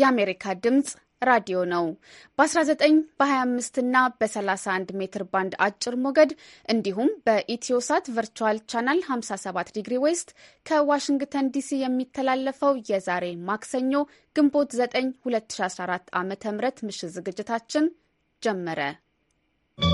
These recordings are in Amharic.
የአሜሪካ ድምፅ ራዲዮ ነው። በ19 በ25 እና በ31 ሜትር ባንድ አጭር ሞገድ እንዲሁም በኢትዮሳት ቨርቹዋል ቻናል 57 ዲግሪ ዌስት ከዋሽንግተን ዲሲ የሚተላለፈው የዛሬ ማክሰኞ ግንቦት 9 2014 ዓ ም ምሽት ዝግጅታችን ጀመረ። ¶¶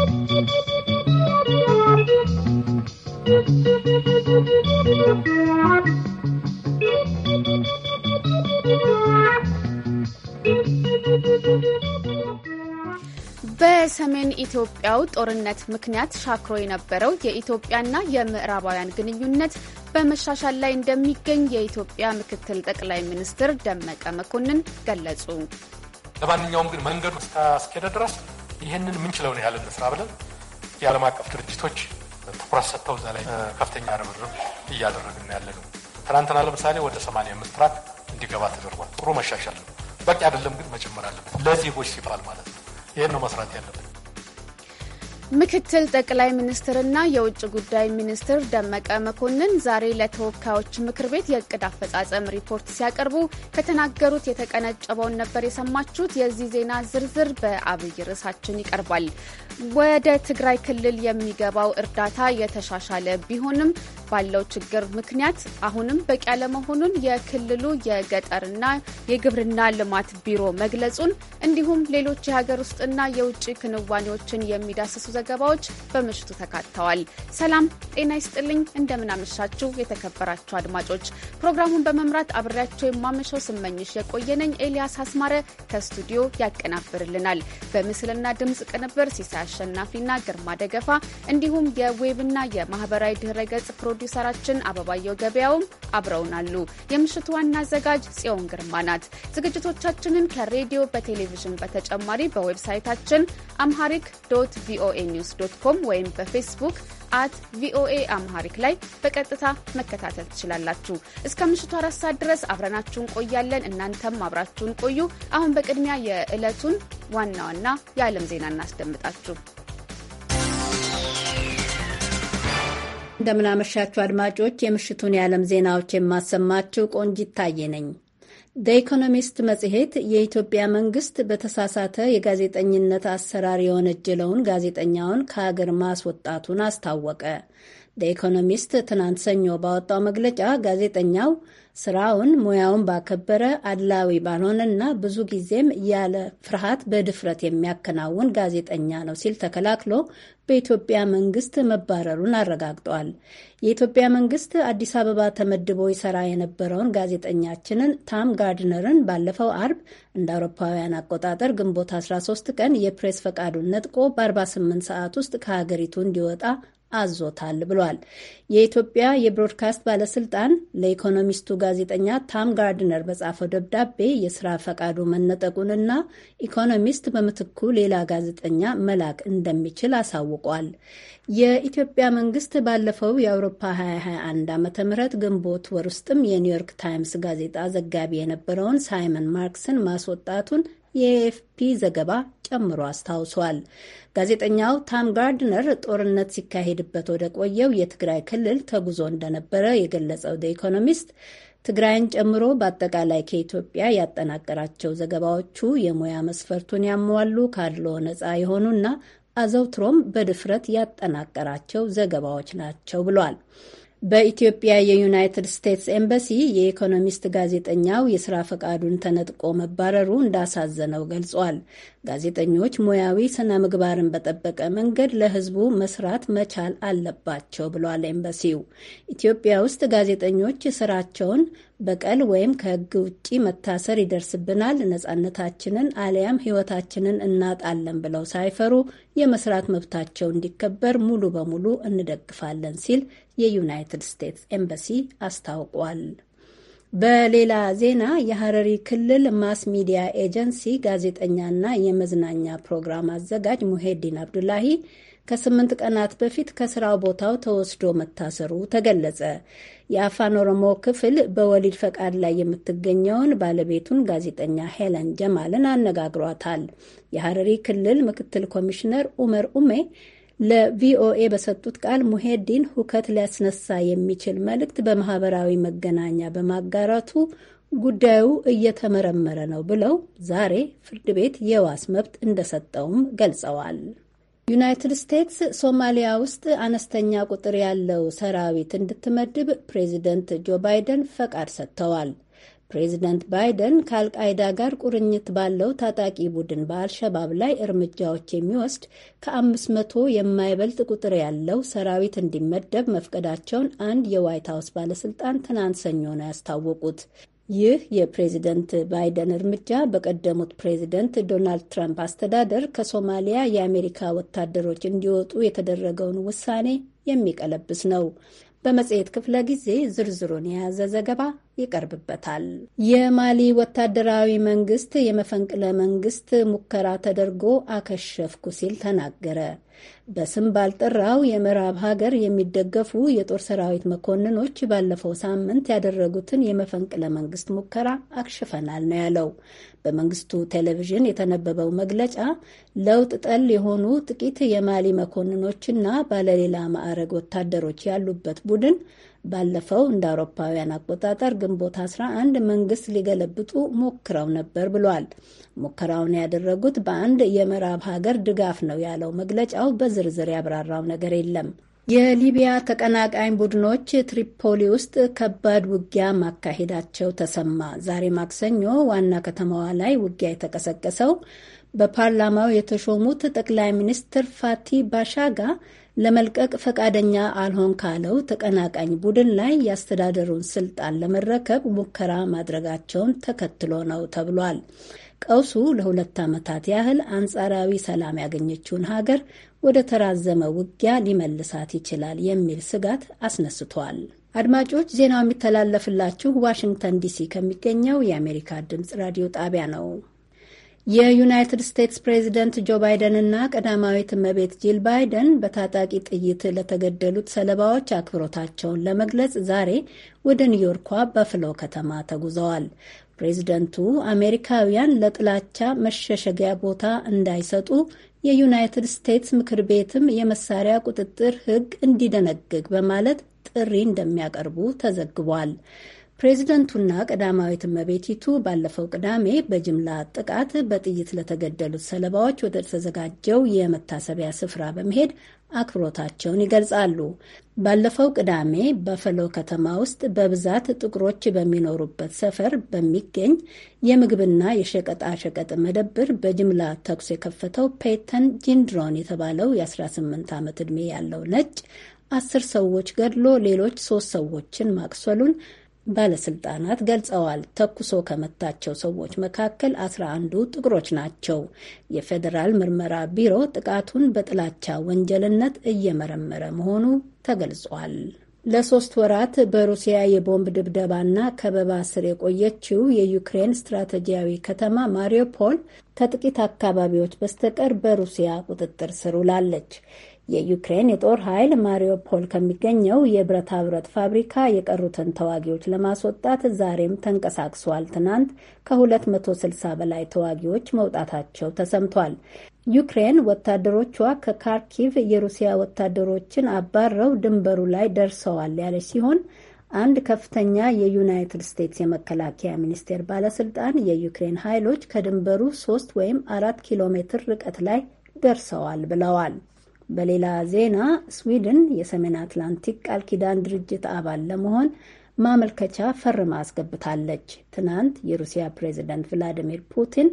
በሰሜን ኢትዮጵያው ጦርነት ምክንያት ሻክሮ የነበረው የኢትዮጵያና የምዕራባውያን ግንኙነት በመሻሻል ላይ እንደሚገኝ የኢትዮጵያ ምክትል ጠቅላይ ሚኒስትር ደመቀ መኮንን ገለጹ። ለማንኛውም ግን መንገዱ እስካስኬደ ድረስ ይህንን ምንችለውን ያህል እንስራ ብለን የዓለም አቀፍ ድርጅቶች ትኩረት ሰጥተው እዛ ላይ ከፍተኛ ርብርብ እያደረግን ያለ ነው። ትናንትና ለምሳሌ ወደ 85 ትራክ እንዲገባ ተደርጓል። ጥሩ መሻሻል ነው። በቂ አይደለም፣ ግን መጀመር አለበት ለዜጎች ሲባል ማለት ነው። ይህን ነው መስራት ያለበት። ምክትል ጠቅላይ ሚኒስትርና የውጭ ጉዳይ ሚኒስትር ደመቀ መኮንን ዛሬ ለተወካዮች ምክር ቤት የእቅድ አፈጻጸም ሪፖርት ሲያቀርቡ ከተናገሩት የተቀነጨበውን ነበር የሰማችሁት። የዚህ ዜና ዝርዝር በአብይ ርዕሳችን ይቀርባል። ወደ ትግራይ ክልል የሚገባው እርዳታ የተሻሻለ ቢሆንም ባለው ችግር ምክንያት አሁንም በቂ ያለመሆኑን የክልሉ የገጠርና የግብርና ልማት ቢሮ መግለጹን እንዲሁም ሌሎች የሀገር ውስጥና የውጭ ክንዋኔዎችን የሚዳስሱ ዘገባዎች በምሽቱ ተካተዋል። ሰላም ጤና ይስጥልኝ። እንደምናመሻችሁ የተከበራችሁ አድማጮች፣ ፕሮግራሙን በመምራት አብሬያቸው የማመሸው ስመኝሽ የቆየነኝ። ኤልያስ አስማረ ከስቱዲዮ ያቀናብርልናል። በምስልና ድምፅ ቅንብር ሲሳይ አሸናፊና ግርማ ደገፋ እንዲሁም የዌብና የማህበራዊ ድህረ ገጽ ፕሮዲውሰራችን አበባየው ገበያውም አብረውናሉ። የምሽቱ ዋና አዘጋጅ ጽዮን ግርማ ናት። ዝግጅቶቻችንን ከሬዲዮ በቴሌቪዥን በተጨማሪ በዌብሳይታችን አምሃሪክ ዶት ቪኦኤ ኒውስ ዶት ኮም ወይም በፌስቡክ አት ቪኦኤ አምሃሪክ ላይ በቀጥታ መከታተል ትችላላችሁ። እስከ ምሽቱ አራት ሰዓት ድረስ አብረናችሁን ቆያለን። እናንተም አብራችሁን ቆዩ። አሁን በቅድሚያ የዕለቱን ዋና ዋና የዓለም ዜና እናስደምጣችሁ። እንደምናመሻችሁ አድማጮች፣ የምሽቱን የዓለም ዜናዎች የማሰማችው ቆንጂት ታዬ ነኝ። በኢኮኖሚስት መጽሔት የኢትዮጵያ መንግስት በተሳሳተ የጋዜጠኝነት አሰራር የወነጀለውን ጋዜጠኛውን ከሀገር ማስወጣቱን አስታወቀ። በኢኮኖሚስት ትናንት ሰኞ ባወጣው መግለጫ ጋዜጠኛው ስራውን ሙያውን ባከበረ አድላዊ ባልሆነና ብዙ ጊዜም ያለ ፍርሃት በድፍረት የሚያከናውን ጋዜጠኛ ነው ሲል ተከላክሎ በኢትዮጵያ መንግስት መባረሩን አረጋግጧል። የኢትዮጵያ መንግስት አዲስ አበባ ተመድቦ ይሰራ የነበረውን ጋዜጠኛችንን ታም ጋርድነርን ባለፈው አርብ እንደ አውሮፓውያን አቆጣጠር ግንቦት 13 ቀን የፕሬስ ፈቃዱን ነጥቆ በ48 ሰዓት ውስጥ ከሀገሪቱ እንዲወጣ አዞታል ብሏል። የኢትዮጵያ የብሮድካስት ባለስልጣን ለኢኮኖሚስቱ ጋዜጠኛ ታም ጋርድነር በጻፈው ደብዳቤ የስራ ፈቃዱ መነጠቁንና ኢኮኖሚስት በምትኩ ሌላ ጋዜጠኛ መላክ እንደሚችል አሳውቋል። የኢትዮጵያ መንግስት ባለፈው የአውሮፓ 2021 ዓ ም ግንቦት ወር ውስጥም የኒውዮርክ ታይምስ ጋዜጣ ዘጋቢ የነበረውን ሳይመን ማርክስን ማስወጣቱን የኤኤፍፒ ዘገባ ጨምሮ አስታውሷል። ጋዜጠኛው ታም ጋርድነር ጦርነት ሲካሄድበት ወደ ቆየው የትግራይ ክልል ተጉዞ እንደነበረ የገለጸው ደ ኢኮኖሚስት ትግራይን ጨምሮ በአጠቃላይ ከኢትዮጵያ ያጠናቀራቸው ዘገባዎቹ የሙያ መስፈርቱን ያሟሉ ካድሎ ነፃ የሆኑና አዘውትሮም በድፍረት ያጠናቀራቸው ዘገባዎች ናቸው ብሏል። በኢትዮጵያ የዩናይትድ ስቴትስ ኤምባሲ የኢኮኖሚስት ጋዜጠኛው የስራ ፈቃዱን ተነጥቆ መባረሩ እንዳሳዘነው ገልጿል። ጋዜጠኞች ሙያዊ ስነ ምግባርን በጠበቀ መንገድ ለሕዝቡ መስራት መቻል አለባቸው ብሏል ኤምባሲው። ኢትዮጵያ ውስጥ ጋዜጠኞች ስራቸውን በቀል ወይም ከሕግ ውጪ መታሰር ይደርስብናል፣ ነጻነታችንን አሊያም ሕይወታችንን እናጣለን ብለው ሳይፈሩ የመስራት መብታቸው እንዲከበር ሙሉ በሙሉ እንደግፋለን ሲል የዩናይትድ ስቴትስ ኤምባሲ አስታውቋል። በሌላ ዜና የሐረሪ ክልል ማስ ሚዲያ ኤጀንሲ ጋዜጠኛና የመዝናኛ ፕሮግራም አዘጋጅ ሙሄዲን አብዱላሂ ከስምንት ቀናት በፊት ከስራው ቦታው ተወስዶ መታሰሩ ተገለጸ። የአፋን ኦሮሞ ክፍል በወሊድ ፈቃድ ላይ የምትገኘውን ባለቤቱን ጋዜጠኛ ሄለን ጀማልን አነጋግሯታል። የሐረሪ ክልል ምክትል ኮሚሽነር ኡመር ኡሜ ለቪኦኤ በሰጡት ቃል ሙሄዲን ሁከት ሊያስነሳ የሚችል መልእክት በማህበራዊ መገናኛ በማጋራቱ ጉዳዩ እየተመረመረ ነው ብለው ዛሬ ፍርድ ቤት የዋስ መብት እንደሰጠውም ገልጸዋል። ዩናይትድ ስቴትስ ሶማሊያ ውስጥ አነስተኛ ቁጥር ያለው ሰራዊት እንድትመድብ ፕሬዚደንት ጆ ባይደን ፈቃድ ሰጥተዋል። ፕሬዚደንት ባይደን ከአልቃይዳ ጋር ቁርኝት ባለው ታጣቂ ቡድን በአልሸባብ ላይ እርምጃዎች የሚወስድ ከአምስት መቶ የማይበልጥ ቁጥር ያለው ሰራዊት እንዲመደብ መፍቀዳቸውን አንድ የዋይት ሀውስ ባለስልጣን ትናንት ሰኞ ነው ያስታወቁት። ይህ የፕሬዚደንት ባይደን እርምጃ በቀደሙት ፕሬዚደንት ዶናልድ ትራምፕ አስተዳደር ከሶማሊያ የአሜሪካ ወታደሮች እንዲወጡ የተደረገውን ውሳኔ የሚቀለብስ ነው። በመጽሔት ክፍለ ጊዜ ዝርዝሩን የያዘ ዘገባ ይቀርብበታል። የማሊ ወታደራዊ መንግስት የመፈንቅለ መንግስት ሙከራ ተደርጎ አከሸፍኩ ሲል ተናገረ። በስም ባልጠራው የምዕራብ ሀገር የሚደገፉ የጦር ሰራዊት መኮንኖች ባለፈው ሳምንት ያደረጉትን የመፈንቅለ መንግስት ሙከራ አክሽፈናል ነው ያለው። በመንግስቱ ቴሌቪዥን የተነበበው መግለጫ ለውጥ ጠል የሆኑ ጥቂት የማሊ መኮንኖችና ባለሌላ ማዕረግ ወታደሮች ያሉበት ቡድን ባለፈው እንደ አውሮፓውያን አቆጣጠር ግንቦት 11 መንግስት ሊገለብጡ ሞክረው ነበር ብሏል። ሙከራውን ያደረጉት በአንድ የምዕራብ ሀገር ድጋፍ ነው ያለው መግለጫው በዝርዝር ያብራራው ነገር የለም። የሊቢያ ተቀናቃኝ ቡድኖች ትሪፖሊ ውስጥ ከባድ ውጊያ ማካሄዳቸው ተሰማ። ዛሬ ማክሰኞ ዋና ከተማዋ ላይ ውጊያ የተቀሰቀሰው በፓርላማው የተሾሙት ጠቅላይ ሚኒስትር ፋቲ ባሻጋ ለመልቀቅ ፈቃደኛ አልሆን ካለው ተቀናቃኝ ቡድን ላይ የአስተዳደሩን ስልጣን ለመረከብ ሙከራ ማድረጋቸውን ተከትሎ ነው ተብሏል። ቀውሱ ለሁለት ዓመታት ያህል አንጻራዊ ሰላም ያገኘችውን ሀገር ወደ ተራዘመ ውጊያ ሊመልሳት ይችላል የሚል ስጋት አስነስቷል። አድማጮች ዜናው የሚተላለፍላችሁ ዋሽንግተን ዲሲ ከሚገኘው የአሜሪካ ድምፅ ራዲዮ ጣቢያ ነው። የዩናይትድ ስቴትስ ፕሬዚደንት ጆ ባይደንና ቀዳማዊት እመቤት ጂል ባይደን በታጣቂ ጥይት ለተገደሉት ሰለባዎች አክብሮታቸውን ለመግለጽ ዛሬ ወደ ኒውዮርኳ በፍሎ ከተማ ተጉዘዋል። ፕሬዚደንቱ አሜሪካውያን ለጥላቻ መሸሸጊያ ቦታ እንዳይሰጡ የዩናይትድ ስቴትስ ምክር ቤትም የመሳሪያ ቁጥጥር ሕግ እንዲደነግግ በማለት ጥሪ እንደሚያቀርቡ ተዘግቧል። ፕሬዚደንቱና ቀዳማዊት እመቤቲቱ ባለፈው ቅዳሜ በጅምላ ጥቃት በጥይት ለተገደሉት ሰለባዎች ወደ ተዘጋጀው የመታሰቢያ ስፍራ በመሄድ አክብሮታቸውን ይገልጻሉ። ባለፈው ቅዳሜ በፈሎ ከተማ ውስጥ በብዛት ጥቁሮች በሚኖሩበት ሰፈር በሚገኝ የምግብና የሸቀጣ ሸቀጥ መደብር በጅምላ ተኩስ የከፈተው ፔተን ጂንድሮን የተባለው የ18 ዓመት ዕድሜ ያለው ነጭ አስር ሰዎች ገድሎ ሌሎች ሶስት ሰዎችን ማቁሰሉን ባለስልጣናት ገልጸዋል። ተኩሶ ከመታቸው ሰዎች መካከል አስራ አንዱ ጥቁሮች ናቸው። የፌዴራል ምርመራ ቢሮ ጥቃቱን በጥላቻ ወንጀልነት እየመረመረ መሆኑ ተገልጿል። ለሶስት ወራት በሩሲያ የቦምብ ድብደባና ከበባ ስር የቆየችው የዩክሬን ስትራቴጂያዊ ከተማ ማሪዮፖል ከጥቂት አካባቢዎች በስተቀር በሩሲያ ቁጥጥር ስር ውላለች። የዩክሬን የጦር ኃይል ማሪዮፖል ከሚገኘው የብረታ ብረት ፋብሪካ የቀሩትን ተዋጊዎች ለማስወጣት ዛሬም ተንቀሳቅሷል። ትናንት ከ260 በላይ ተዋጊዎች መውጣታቸው ተሰምቷል። ዩክሬን ወታደሮቿ ከካርኪቭ የሩሲያ ወታደሮችን አባረው ድንበሩ ላይ ደርሰዋል ያለች ሲሆን አንድ ከፍተኛ የዩናይትድ ስቴትስ የመከላከያ ሚኒስቴር ባለስልጣን የዩክሬን ኃይሎች ከድንበሩ ሶስት ወይም አራት ኪሎ ሜትር ርቀት ላይ ደርሰዋል ብለዋል። በሌላ ዜና ስዊድን የሰሜን አትላንቲክ ቃል ኪዳን ድርጅት አባል ለመሆን ማመልከቻ ፈርማ አስገብታለች። ትናንት የሩሲያ ፕሬዝደንት ቭላዲሚር ፑቲን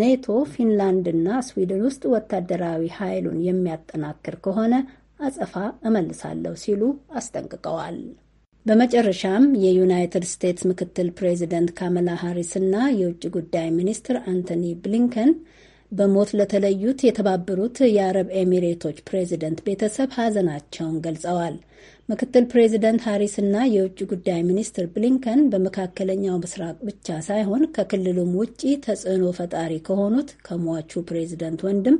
ኔቶ ፊንላንድና ስዊድን ውስጥ ወታደራዊ ኃይሉን የሚያጠናክር ከሆነ አጸፋ እመልሳለሁ ሲሉ አስጠንቅቀዋል። በመጨረሻም የዩናይትድ ስቴትስ ምክትል ፕሬዚደንት ካመላ ሃሪስ እና የውጭ ጉዳይ ሚኒስትር አንቶኒ ብሊንከን በሞት ለተለዩት የተባበሩት የአረብ ኤሚሬቶች ፕሬዚደንት ቤተሰብ ሐዘናቸውን ገልጸዋል። ምክትል ፕሬዚደንት ሃሪስ እና የውጭ ጉዳይ ሚኒስትር ብሊንከን በመካከለኛው ምስራቅ ብቻ ሳይሆን ከክልሉም ውጭ ተጽዕኖ ፈጣሪ ከሆኑት ከሟቹ ፕሬዚደንት ወንድም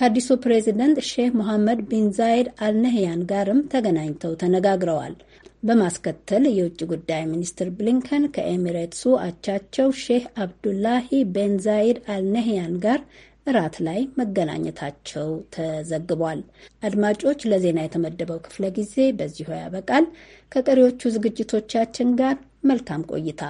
ከአዲሱ ፕሬዚደንት ሼህ መሐመድ ቢን ዛይድ አልነህያን ጋርም ተገናኝተው ተነጋግረዋል። በማስከተል የውጭ ጉዳይ ሚኒስትር ብሊንከን ከኤሚሬትሱ አቻቸው ሼህ አብዱላሂ ቤን ዛይድ አልነህያን ጋር እራት ላይ መገናኘታቸው ተዘግቧል። አድማጮች፣ ለዜና የተመደበው ክፍለ ጊዜ በዚሁ ያበቃል። ከቀሪዎቹ ዝግጅቶቻችን ጋር መልካም ቆይታ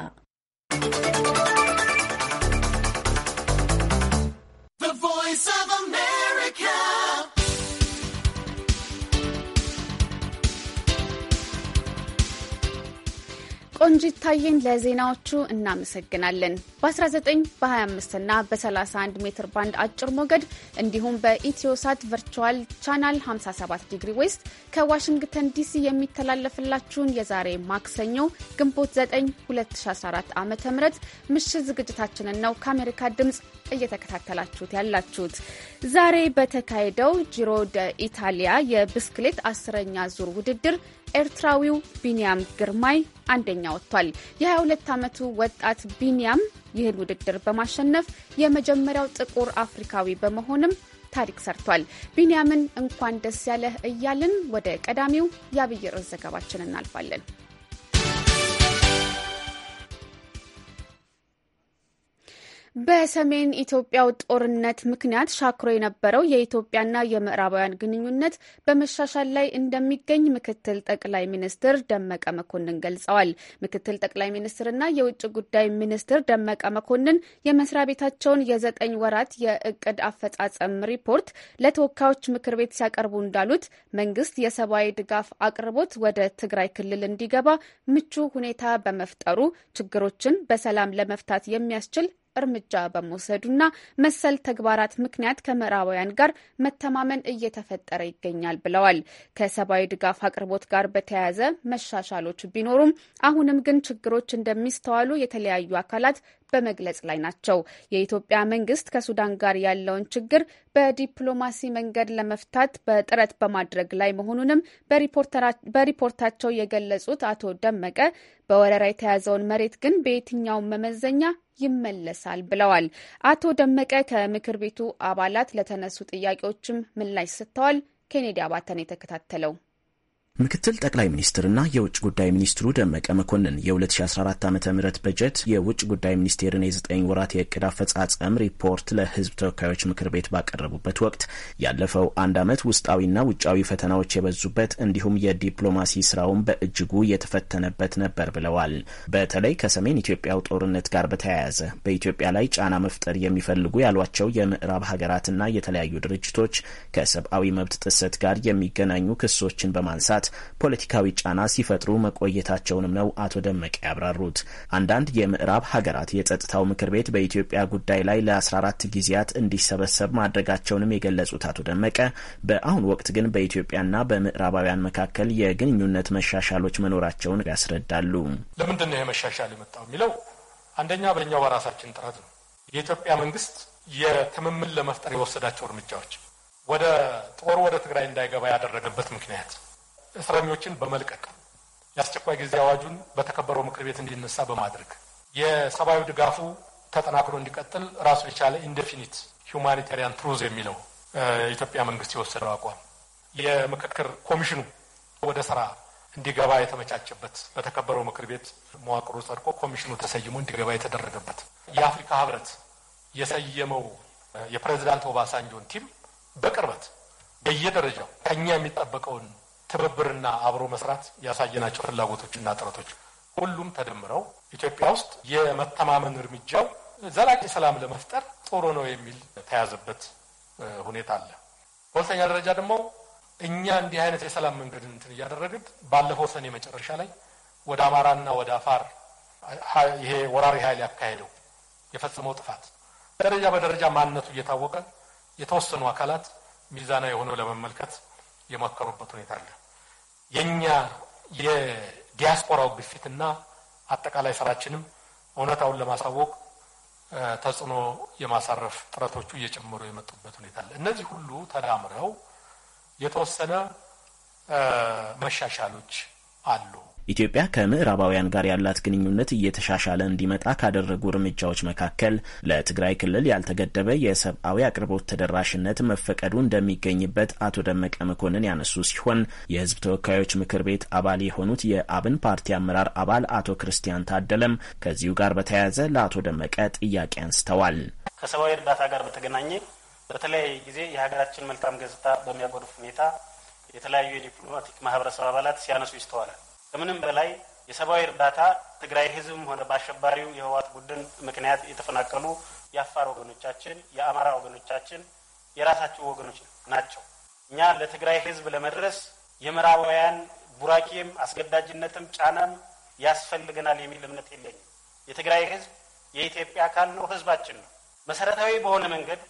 ቆንጂ ታየን ለዜናዎቹ እናመሰግናለን። በ19 በ25 እና በ31 ሜትር ባንድ አጭር ሞገድ እንዲሁም በኢትዮሳት ቨርቹዋል ቻናል 57 ዲግሪ ዌስት ከዋሽንግተን ዲሲ የሚተላለፍላችሁን የዛሬ ማክሰኞ ግንቦት 9 2014 ዓ ም ምሽት ዝግጅታችንን ነው ከአሜሪካ ድምፅ እየተከታተላችሁት ያላችሁት። ዛሬ በተካሄደው ጂሮ ደ ኢታሊያ የብስክሌት አስረኛ ዙር ውድድር ኤርትራዊው ቢንያም ግርማይ አንደኛ ወጥቷል። የ22 ዓመቱ ወጣት ቢንያም ይህን ውድድር በማሸነፍ የመጀመሪያው ጥቁር አፍሪካዊ በመሆንም ታሪክ ሰርቷል። ቢንያምን እንኳን ደስ ያለህ እያልን ወደ ቀዳሚው የአብይ ርዕስ ዘገባችን እናልፋለን። በሰሜን ኢትዮጵያው ጦርነት ምክንያት ሻክሮ የነበረው የኢትዮጵያና የምዕራባውያን ግንኙነት በመሻሻል ላይ እንደሚገኝ ምክትል ጠቅላይ ሚኒስትር ደመቀ መኮንን ገልጸዋል። ምክትል ጠቅላይ ሚኒስትርና የውጭ ጉዳይ ሚኒስትር ደመቀ መኮንን የመስሪያ ቤታቸውን የዘጠኝ ወራት የእቅድ አፈጻጸም ሪፖርት ለተወካዮች ምክር ቤት ሲያቀርቡ እንዳሉት መንግስት የሰብአዊ ድጋፍ አቅርቦት ወደ ትግራይ ክልል እንዲገባ ምቹ ሁኔታ በመፍጠሩ ችግሮችን በሰላም ለመፍታት የሚያስችል እርምጃ በመውሰዱና መሰል ተግባራት ምክንያት ከምዕራባውያን ጋር መተማመን እየተፈጠረ ይገኛል ብለዋል። ከሰብአዊ ድጋፍ አቅርቦት ጋር በተያያዘ መሻሻሎች ቢኖሩም አሁንም ግን ችግሮች እንደሚስተዋሉ የተለያዩ አካላት በመግለጽ ላይ ናቸው። የኢትዮጵያ መንግስት ከሱዳን ጋር ያለውን ችግር በዲፕሎማሲ መንገድ ለመፍታት በጥረት በማድረግ ላይ መሆኑንም በሪፖርታቸው የገለጹት አቶ ደመቀ በወረራ የተያዘውን መሬት ግን በየትኛው መመዘኛ ይመለሳል ብለዋል። አቶ ደመቀ ከምክር ቤቱ አባላት ለተነሱ ጥያቄዎችም ምላሽ ሰጥተዋል። ኬኔዲ አባተን የተከታተለው ምክትል ጠቅላይ ሚኒስትርና የውጭ ጉዳይ ሚኒስትሩ ደመቀ መኮንን የ2014 ዓ ም በጀት የውጭ ጉዳይ ሚኒስቴርን የዘጠኝ ወራት የእቅድ አፈጻጸም ሪፖርት ለሕዝብ ተወካዮች ምክር ቤት ባቀረቡበት ወቅት ያለፈው አንድ ዓመት ውስጣዊና ውጫዊ ፈተናዎች የበዙበት እንዲሁም የዲፕሎማሲ ስራውን በእጅጉ የተፈተነበት ነበር ብለዋል። በተለይ ከሰሜን ኢትዮጵያው ጦርነት ጋር በተያያዘ በኢትዮጵያ ላይ ጫና መፍጠር የሚፈልጉ ያሏቸው የምዕራብ ሀገራትና የተለያዩ ድርጅቶች ከሰብአዊ መብት ጥሰት ጋር የሚገናኙ ክሶችን በማንሳት አካላት ፖለቲካዊ ጫና ሲፈጥሩ መቆየታቸውንም ነው አቶ ደመቀ ያብራሩት። አንዳንድ የምዕራብ ሀገራት የጸጥታው ምክር ቤት በኢትዮጵያ ጉዳይ ላይ ለ14 ጊዜያት እንዲሰበሰብ ማድረጋቸውንም የገለጹት አቶ ደመቀ በአሁኑ ወቅት ግን በኢትዮጵያና በምዕራባውያን መካከል የግንኙነት መሻሻሎች መኖራቸውን ያስረዳሉ። ለምንድን ነው ይህ መሻሻል የመጣው የሚለው አንደኛ በእኛው በራሳችን ጥረት ነው። የኢትዮጵያ መንግስት የትምምን ለመፍጠር የወሰዳቸው እርምጃዎች ወደ ጦር ወደ ትግራይ እንዳይገባ ያደረገበት ምክንያት እስረኞችን በመልቀቅ የአስቸኳይ ጊዜ አዋጁን በተከበረው ምክር ቤት እንዲነሳ በማድረግ የሰብአዊ ድጋፉ ተጠናክሮ እንዲቀጥል ራሱ የቻለ ኢንዴፊኒት ሁማኒታሪያን ትሩዝ የሚለው የኢትዮጵያ መንግስት የወሰደው አቋም የምክክር ኮሚሽኑ ወደ ስራ እንዲገባ የተመቻቸበት በተከበረው ምክር ቤት መዋቅሩ ጸድቆ ኮሚሽኑ ተሰይሞ እንዲገባ የተደረገበት የአፍሪካ ህብረት የሰየመው የፕሬዚዳንት ኦባሳንጆን ቲም በቅርበት በየደረጃው ከኛ የሚጠበቀውን ትብብርና አብሮ መስራት ያሳየናቸው ፍላጎቶችና ጥረቶች ሁሉም ተደምረው ኢትዮጵያ ውስጥ የመተማመን እርምጃው ዘላቂ ሰላም ለመፍጠር ጥሩ ነው የሚል ተያዘበት ሁኔታ አለ። በሁለተኛ ደረጃ ደግሞ እኛ እንዲህ አይነት የሰላም መንገድ እንትን እያደረግን ባለፈው ሰኔ መጨረሻ ላይ ወደ አማራና ወደ አፋር ይሄ ወራሪ ኃይል ያካሄደው የፈጸመው ጥፋት ደረጃ በደረጃ ማንነቱ እየታወቀ የተወሰኑ አካላት ሚዛናዊ ሆነው ለመመልከት የሞከሩበት ሁኔታ አለ። የእኛ የዲያስፖራው ግፊትና አጠቃላይ ስራችንም እውነታውን ለማሳወቅ ተጽዕኖ የማሳረፍ ጥረቶቹ እየጨመሩ የመጡበት ሁኔታ አለ። እነዚህ ሁሉ ተዳምረው የተወሰነ መሻሻሎች አሉ። ኢትዮጵያ ከምዕራባውያን ጋር ያላት ግንኙነት እየተሻሻለ እንዲመጣ ካደረጉ እርምጃዎች መካከል ለትግራይ ክልል ያልተገደበ የሰብአዊ አቅርቦት ተደራሽነት መፈቀዱ እንደሚገኝበት አቶ ደመቀ መኮንን ያነሱ ሲሆን የሕዝብ ተወካዮች ምክር ቤት አባል የሆኑት የአብን ፓርቲ አመራር አባል አቶ ክርስቲያን ታደለም ከዚሁ ጋር በተያያዘ ለአቶ ደመቀ ጥያቄ አንስተዋል። ከሰብአዊ እርዳታ ጋር በተገናኘ በተለያየ ጊዜ የሀገራችን መልካም ገጽታ በሚያጎድፍ ሁኔታ የተለያዩ የዲፕሎማቲክ ማህበረሰብ አባላት ሲያነሱ ይስተዋላል። ከምንም በላይ የሰብአዊ እርዳታ ትግራይ ህዝብም ሆነ በአሸባሪው የህወሓት ቡድን ምክንያት የተፈናቀሉ የአፋር ወገኖቻችን፣ የአማራ ወገኖቻችን የራሳቸው ወገኖች ናቸው። እኛ ለትግራይ ህዝብ ለመድረስ የምዕራባውያን ቡራኬም አስገዳጅነትም ጫናም ያስፈልገናል የሚል እምነት የለኝም። የትግራይ ህዝብ የኢትዮጵያ አካል ነው፣ ህዝባችን ነው። መሰረታዊ በሆነ መንገድ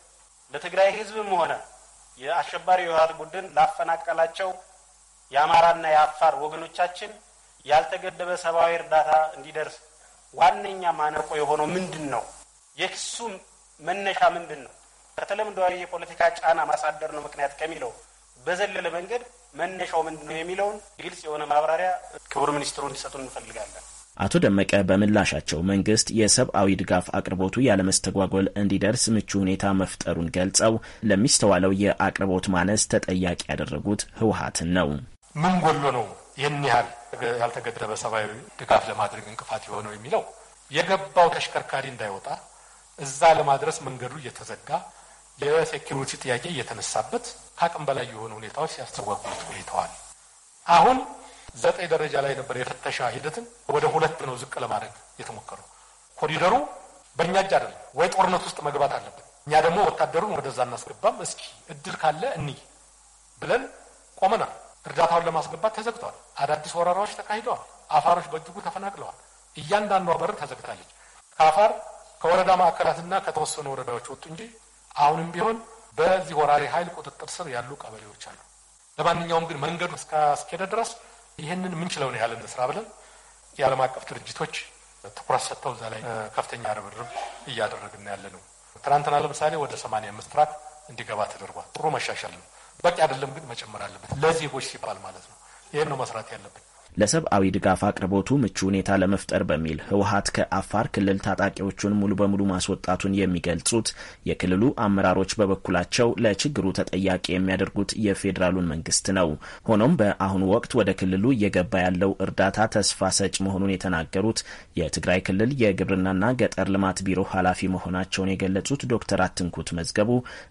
ለትግራይ ህዝብም ሆነ የአሸባሪ የህወሓት ቡድን ላፈናቀላቸው የአማራና የአፋር ወገኖቻችን ያልተገደበ ሰብአዊ እርዳታ እንዲደርስ ዋነኛ ማነቆ የሆነው ምንድን ነው? የክሱ መነሻ ምንድን ነው? ከተለምዷዊ የፖለቲካ ጫና ማሳደር ነው ምክንያት ከሚለው በዘለለ መንገድ መነሻው ምንድን ነው የሚለውን ግልጽ የሆነ ማብራሪያ ክቡር ሚኒስትሩ እንዲሰጡ እንፈልጋለን። አቶ ደመቀ በምላሻቸው መንግስት የሰብአዊ ድጋፍ አቅርቦቱ ያለመስተጓጎል እንዲደርስ ምቹ ሁኔታ መፍጠሩን ገልጸው ለሚስተዋለው የአቅርቦት ማነስ ተጠያቂ ያደረጉት ህወሀትን ነው። ምን ጎሎ ነው ይህን ያህል ያልተገደበ ሰብአዊ ድጋፍ ለማድረግ እንቅፋት የሆነው የሚለው የገባው ተሽከርካሪ እንዳይወጣ እዛ ለማድረስ መንገዱ እየተዘጋ የሴኪሪቲ ጥያቄ እየተነሳበት ከአቅም በላይ የሆኑ ሁኔታዎች ሲያስተጓጉሉት ቆይተዋል። አሁን ዘጠኝ ደረጃ ላይ ነበር የፍተሻ ሂደትን ወደ ሁለት ነው ዝቅ ለማድረግ የተሞከረው። ኮሪደሩ በእኛ እጅ አይደለም ወይ ጦርነት ውስጥ መግባት አለብን። እኛ ደግሞ ወታደሩን ወደዛ እናስገባም፣ እስኪ እድል ካለ እኒ ብለን ቆመናል። እርዳታውን ለማስገባት ተዘግቷል። አዳዲስ ወረራዎች ተካሂደዋል። አፋሮች በእጅጉ ተፈናቅለዋል። እያንዳንዷ በር ተዘግታለች። ከአፋር ከወረዳ ማዕከላትና ከተወሰኑ ወረዳዎች ወጡ እንጂ አሁንም ቢሆን በዚህ ወራሪ ኃይል ቁጥጥር ስር ያሉ ቀበሌዎች አሉ። ለማንኛውም ግን መንገዱ እስካስኬደ ድረስ ይህንን የምንችለውን ያህል እንስራ ብለን የዓለም አቀፍ ድርጅቶች ትኩረት ሰጥተው እዛ ላይ ከፍተኛ ርብርብ እያደረግን ያለ ነው። ትናንትና ለምሳሌ ወደ ሰማንያ አምስት ትራክ እንዲገባ ተደርጓል። ጥሩ መሻሻል ነው። በቂ አይደለም፣ ግን መጨመር አለበት ለዜጎች ሲባል ማለት ነው። ይህን ነው መስራት ያለብን። ለሰብአዊ ድጋፍ አቅርቦቱ ምቹ ሁኔታ ለመፍጠር በሚል ህወሀት ከአፋር ክልል ታጣቂዎቹን ሙሉ በሙሉ ማስወጣቱን የሚገልጹት የክልሉ አመራሮች በበኩላቸው ለችግሩ ተጠያቂ የሚያደርጉት የፌዴራሉን መንግስት ነው። ሆኖም በአሁኑ ወቅት ወደ ክልሉ እየገባ ያለው እርዳታ ተስፋ ሰጭ መሆኑን የተናገሩት የትግራይ ክልል የግብርናና ገጠር ልማት ቢሮ ኃላፊ መሆናቸውን የገለጹት ዶክተር አትንኩት መዝገቡ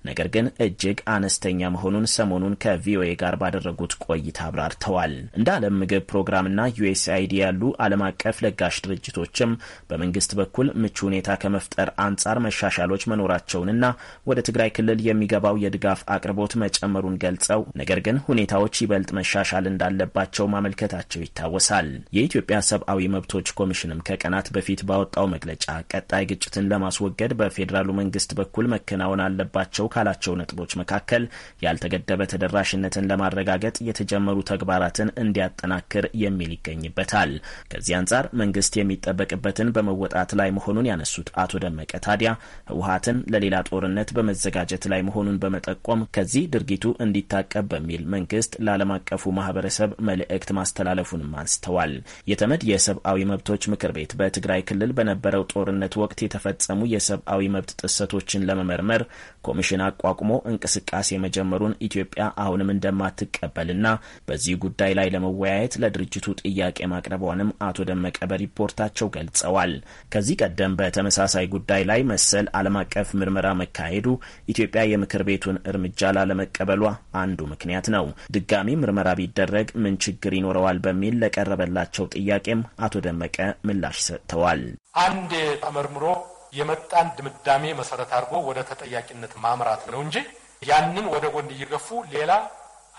ነገር ግን እጅግ አነስተኛ መሆኑን ሰሞኑን ከቪኦኤ ጋር ባደረጉት ቆይታ አብራርተዋል። እንደ ዓለም ምግብ ፕሮግራም ፕሮግራምና ዩኤስአይዲ ያሉ ዓለም አቀፍ ለጋሽ ድርጅቶችም በመንግስት በኩል ምቹ ሁኔታ ከመፍጠር አንጻር መሻሻሎች መኖራቸውንና ወደ ትግራይ ክልል የሚገባው የድጋፍ አቅርቦት መጨመሩን ገልጸው ነገር ግን ሁኔታዎች ይበልጥ መሻሻል እንዳለባቸው ማመልከታቸው ይታወሳል። የኢትዮጵያ ሰብአዊ መብቶች ኮሚሽንም ከቀናት በፊት ባወጣው መግለጫ ቀጣይ ግጭትን ለማስወገድ በፌዴራሉ መንግስት በኩል መከናወን አለባቸው ካላቸው ነጥቦች መካከል ያልተገደበ ተደራሽነትን ለማረጋገጥ የተጀመሩ ተግባራትን እንዲያጠናክር የሚል ይገኝበታል። ከዚህ አንጻር መንግስት የሚጠበቅበትን በመወጣት ላይ መሆኑን ያነሱት አቶ ደመቀ ታዲያ ህወሀትን ለሌላ ጦርነት በመዘጋጀት ላይ መሆኑን በመጠቆም ከዚህ ድርጊቱ እንዲታቀብ በሚል መንግስት ለዓለም አቀፉ ማህበረሰብ መልእክት ማስተላለፉንም አንስተዋል። የተመድ የሰብአዊ መብቶች ምክር ቤት በትግራይ ክልል በነበረው ጦርነት ወቅት የተፈጸሙ የሰብአዊ መብት ጥሰቶችን ለመመርመር ኮሚሽን አቋቁሞ እንቅስቃሴ መጀመሩን ኢትዮጵያ አሁንም እንደማትቀበልና በዚህ ጉዳይ ላይ ለመወያየት ለድርጅ ለድርጅቱ ጥያቄ ማቅረቧንም አቶ ደመቀ በሪፖርታቸው ገልጸዋል። ከዚህ ቀደም በተመሳሳይ ጉዳይ ላይ መሰል ዓለም አቀፍ ምርመራ መካሄዱ ኢትዮጵያ የምክር ቤቱን እርምጃ ላለመቀበሏ አንዱ ምክንያት ነው። ድጋሚ ምርመራ ቢደረግ ምን ችግር ይኖረዋል በሚል ለቀረበላቸው ጥያቄም አቶ ደመቀ ምላሽ ሰጥተዋል። አንድ ተመርምሮ የመጣን ድምዳሜ መሰረት አድርጎ ወደ ተጠያቂነት ማምራት ነው እንጂ ያንን ወደ ጎን እየገፉ ሌላ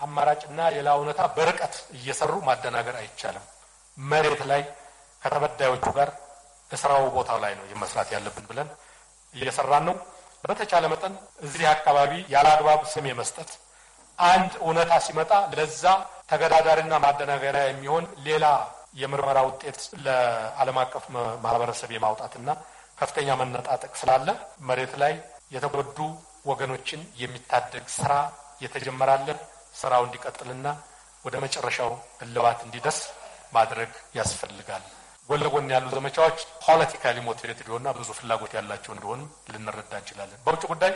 አማራጭና ሌላ እውነታ በርቀት እየሰሩ ማደናገር አይቻልም። መሬት ላይ ከተበዳዮቹ ጋር እስራው ቦታው ላይ ነው መስራት ያለብን ብለን እየሰራን ነው። በተቻለ መጠን እዚህ አካባቢ ያለ አግባብ ስም የመስጠት አንድ እውነታ ሲመጣ ለዛ ተገዳዳሪና ማደናገሪያ የሚሆን ሌላ የምርመራ ውጤት ለዓለም አቀፍ ማህበረሰብ የማውጣትና ከፍተኛ መነጣጠቅ ስላለ መሬት ላይ የተጎዱ ወገኖችን የሚታደግ ስራ የተጀመራለን። ስራው እንዲቀጥልና ወደ መጨረሻው እልባት እንዲደርስ ማድረግ ያስፈልጋል። ጎን ለጎን ያሉ ዘመቻዎች ፖለቲካሊ ሞቲቬትድ የሆኑና ብዙ ፍላጎት ያላቸው እንደሆንም ልንረዳ እንችላለን። በውጭ ጉዳይ